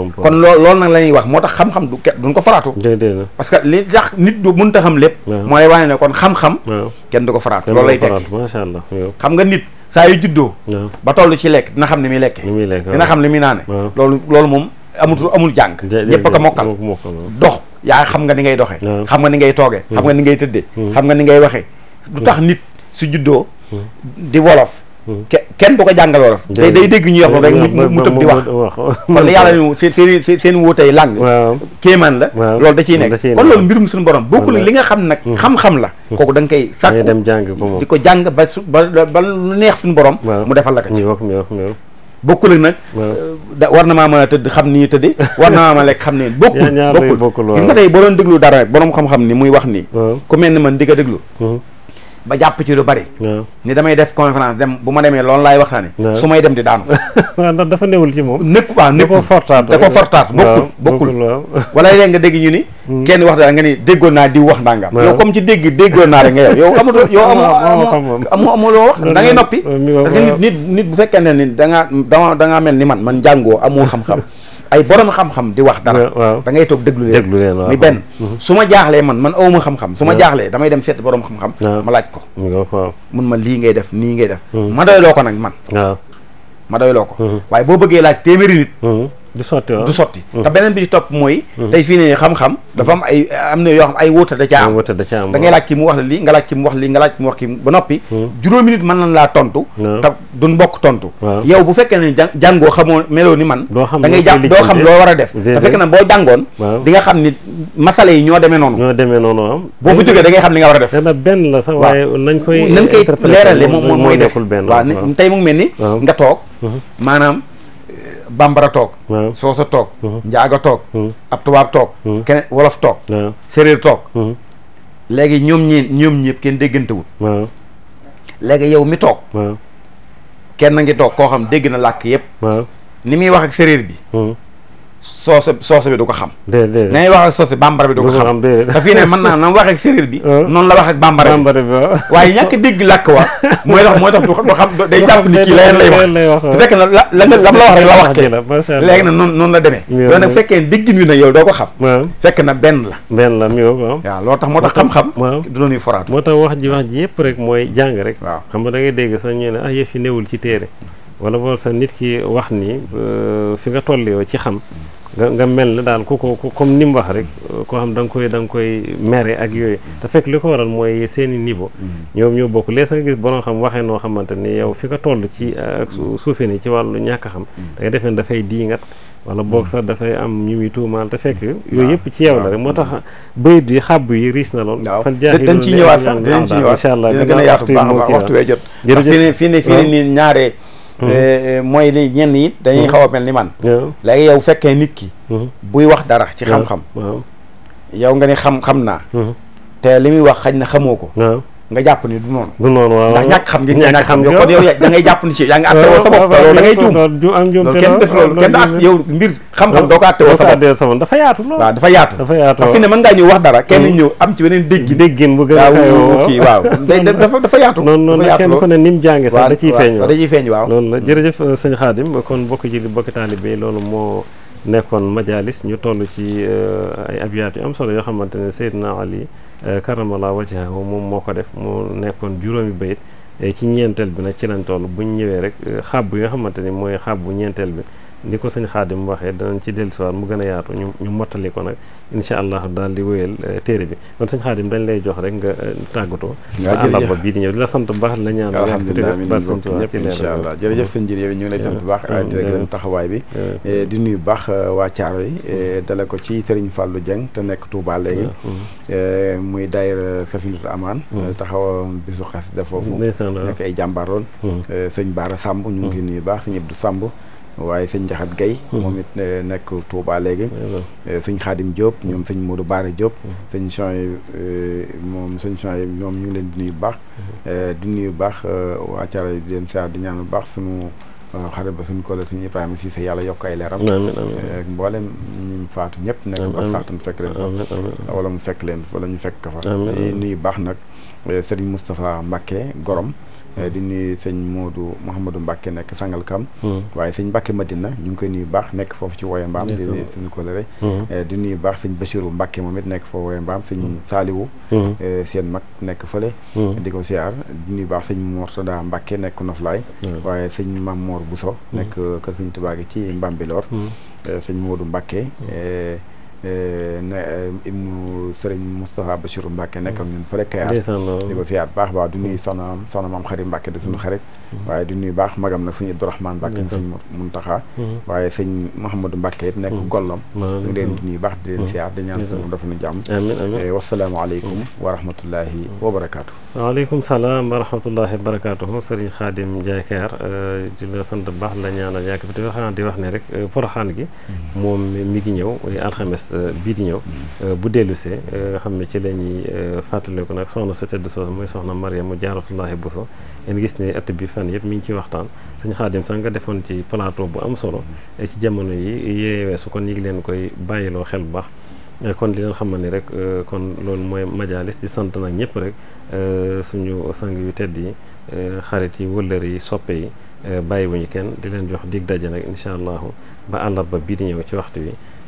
ump kon loo lool nag la ñuy wax moo tax xam-xam du kenn duñ ko faraatu. parce que li tax nit du mënta xam lépp. mooy wane ne kon xam-xam. kenn du ko faraatu loolu lay tekki. macha xam nga nit saa yu juddoo. ba toll ci lekk dina xam ne muy lekkee. dina xam li muy naane. loolu amul amul jàng ñëpp ko mokkal dox yaa xam nga ni ngay doxe ah. xam nga ni ngay toogee hmm. xam nga ni ngay tëddee hmm. xam nga ni ngay waxee du tax hmm. nit su juddoo di wolof kenn du ko jàngal wolof day dégg ñuy wax rek mu wax kon la yàlla ni seen seen seen wóotay làng la loolu da ciy nekk kon loolu mbirum suñu borom li nga xam nag xam la kooku da koy sàkku di ko jàng ba su ba ba lu neex suñu borom mu defal la ko ci bokkul ak nag. Euh, da war na maa mën a tëdd xam nii tëdde war na maa a lekk xam ni bokkul bokkul gis nga tey boo doon déglu dara rek borom xam-xam ni muy wax ni ku mel ni man di nga déglu ba jàpp ci lu bari. ni damay def conférence dem bu ma demee loolu laay waxtaane su may dem di daanu. ndax dafa newul ci moom. nekk waaw nekkul da ko fortaat da fortaat bokkul bokkul. wala léegi nga dégg ñu ni. Hmm. kenn wax dara nga ni déggoon naa di wax ndàngam. yow comme ci dégg déggoon naa rek nga yow yow amatul yow amoo amoo amoo loo wax da ngay noppi. parce que nit nit bu fekkee ne ni da ngaa mel ni man man jàngoo amoo xam-xam. ay boroom xam-xam di wax dara da ngay toog déglu leen déglu leen benn mm-hmm. su ma jaaxlee man man awuma xam-xam su ma jaaxlee damay dem seet borom xam-xam ma laaj ko mun ma lii ngay def nii ngay def mm-hmm. ma doyloo ko nag man ma doyloo ko mm-hmm. waaye boo bëggee laaj téeméer nit du sotti ah. du sotti. Mm. te beneen bi ci topp mooy. Mm. tey fii ne xam-xam. dafa am ay am na yoo xam ay wóote da caa am. wóote da caa am laaj ki mu wax la lii nga laaj ki mu wax lii nga laaj ki mu wax ki ba noppi. Mm. juróomi nit mën nañ laa tontu. te duñ bokk tontu. yow bu fekkee ne jàngoo xamoo meloo ni man. doo xam da ngay jàng doo xam loo war a def. te fekk na boo jàngoon. di nga xam ni masale yi ñoo deme noonu. ñoo demee noonu am. boo fa jógee da xam ni nga war a def. dana benn la sax waaye nañ koy. nañ koy leerale moom mooy def waaw tey mu ngi bambara toog soosa toog njaaga toog ab tubaab toog keneen wolof toog séréer toog léegi ñoom ñeen ñoom ñëpp kenn déggantewul léegi yow mi toog kenn ngi toog koo xam dégg na làkk yëpp ni muy wax ak séréer bi soose soose bi du ko xam. déedéet na wax ak soose bambara bi du ko xam. te fii ne mën naa na mu wax ak séeréer bi. noonu la wax ak bambara bi waaye ñàkk dégg làkk wa mooy tax mooy tax du xam day jàpp ni kii leneen lay wax. bu fekkee la la la wax la wax kii. macha allah léegi nag noonu noonu la demee. loolu fekkee dégg ñu ne yow doo ko xam. fekk na benn la. benn la mi yow tax moo tax xam-xam. waaw du la foraat. moo tax wax ji wax ji yëpp rek mooy jàng rek. waaw xam nga da ngay dégg sax ñu ne ah yëf yi newul ci téere wala bool sa nit ki wax ni fi nga toll yow ci xam nga nga mel ne daal ku ko comme ni mu wax rek koo xam da nga koy da koy mere ak yooyu te fekk li ko waral mooy seeni niveau mm. ñoom ñoo bokk léeg sa nga gis borom xam waxee noo xamante ni yow fi nga toll ci ak mm. suufee ni ci wàllu ñàkk xam mm. da nga defeen dafay diingat wala boog sax dafay am ñu muy tuumaal te fekk yooyu yëpp ci yow la rek moo tax bayit yi xàbb yi riis na lool fan jaaxi dañ ci ñëwaat sax dañ ci a yaatu fii ne fii ne fii Euh, euh, mooy li ñenn it dañuy xaw a mel ni man léegi yow fekkee nit buy wax dara ci xam-xam yow nga ni xam naa te li muy wax xañ na xamoo ko nga jàpp ni du noonu. du noonu waaw ndax ñàkk xam nga ñàkk xam nga kon yow da ngay jàpp ni ci yaa ngi àtte woo sa bopp juum loolu kenn mbir xam-xam doo ko àtte woo dafa yaatu loolu dafa yaatu dafa yaatu fi ne mën ngaa ñëw wax dara kenn mm. ñëw am ci beneen déggi déggin bu gën a xayoo kii waaw dafa dafa yaatu noonu noonu kenn ku ne ni mu jànge sax da ciy feeñ feeñ waaw loolu la jërëjëf sëñ Xaadim kon bokk ji li bokk taalibe loolu moo nekkoon majalis ñu toll ci euh, ay abiyaat yu am solo yoo xamante ne Seydina Ali euh, karamala wajhahu moom moo ko def mu nekkoon juróomi bayit ci ñeenteel bi nag ci lañ toll buñ ñëwee rek euh, xàbb yoo xamante ni mooy xàbbu ñeenteel bi ni ko sëñ xaadim waxee danañ ci dellusiwaat mu gën a yaatu ñu mottali ko nag incha allah daal di wéyal eh, téere bi kon sëñ xaadim dañ lay jox rek nga eh, tàggatoo àllarba bii di ñëw di la sant bu baax la ñaan incha allah jërëjëf sëñ jër ñu ngi lay sant bu baax mm-hmm. di rek taxawaay bi eh, di nuyu baax waa caaro yi mm-hmm. dale ko ci sëriñ Fallou Dieng te nekk Touba léegi mm-hmm. muy day Safinatoul Aman taxawa bisu xas da foofu nekk ay jàmbaroon sëñ Baara Samb ñu ngi nuyu baax sëñ Abdou Samb waaye sëñ Njaxat Gay mhm. moom it eh, nekk Touba léegi eh, sëñ Xaadim Diop ñoom mhm. sëñ Modou baare Diop mhm. sëñ Chony eh, moom sëñ Chony ñoom ñu ngi leen di nuyu baax di nuyu bu baax waa Thiaroye di leen saar di ñaan bu baax sunu xarit ba suñ ko la suñu Ibrahima Cissé yàlla yokk ay leeram mbooleen mboolem ñu faatu ñëpp nekk ba saxtan fekk leen fa wala mu fekk leen wala ñu fekk ka fa nuyu baax nag Serigne Moustapha Mbacké Gorom Eh, di nuyu sëñ moodu Mouhamadou Mbacke nekk Sangalkam hmm. waaye sëñ Mbacke Madina ñu ngi koy nuyu baax nekk foofu ci Woye Mbaam di suñu kolere hmm. eh, di nuyu baax sañ sëñ Bachirou Mbacke moom it nekk foofu Woye Mbaam sëñ hmm. saaliwu eh, seen mag nekk fële di ko siyaar di nuyu baax moor Mortada Mbacke nekk Noflaay waaye sëñ Mam Mor Bousso nekk kër sëñ Tuubaa gi ci Mbambilor sañ Modou Mbacke ibnu Serigne Moustapha Bachirou Mbacke nekk ak ñun fële Kayar di ko fiyaat baax baax du nuyu soxna soxna maam xarit Mbacke di suñu xarit waaye du nuyu baax magam nag suñu Abdourahmane Mbacke ni suñ Muntaxa waaye sëñ Mouhamadou Mbacke it nekk gollam ñu ngi leen di nuyu baax di leen siyaar di ñaan suñu dafa nu jàmm wasalaamaaleykum wa rahmatullahi wa barakaatu waaleykum salaam wa rahmatullahi wa barakaatu Serigne Khadim Ndiaye Kayar di la sant baax la ñaanal yàgg fi di wax ne rek poroxaan gi moom mi ngi ñëw alxames bii di ñëw Euh, bu dellusee nga euh, xam ne ci la ñuy euh, fàttaliku nag soxna sa tedd soosu mooy soxna Mariama Jaaratullaahi Buso ngeen gis ne at bi fan yëpp mi ngi ciy waxtaan sëñ Xaadim sax nga defoon ci palaato bu am solo eh, ci jamono yi yeewee su kon ñu leen koy bàyyiloo xel bu baax eh, kon li leen xamal ni rek kon loolu mooy majaalis di sant nag ñëpp rek suñu sang yu tedd yi xarit yi wëllër yi soppe yi bàyyi wuñu kenn di leen jox dig daje nag incha allahu ba àllarba bii di ñëw ci waxtu wi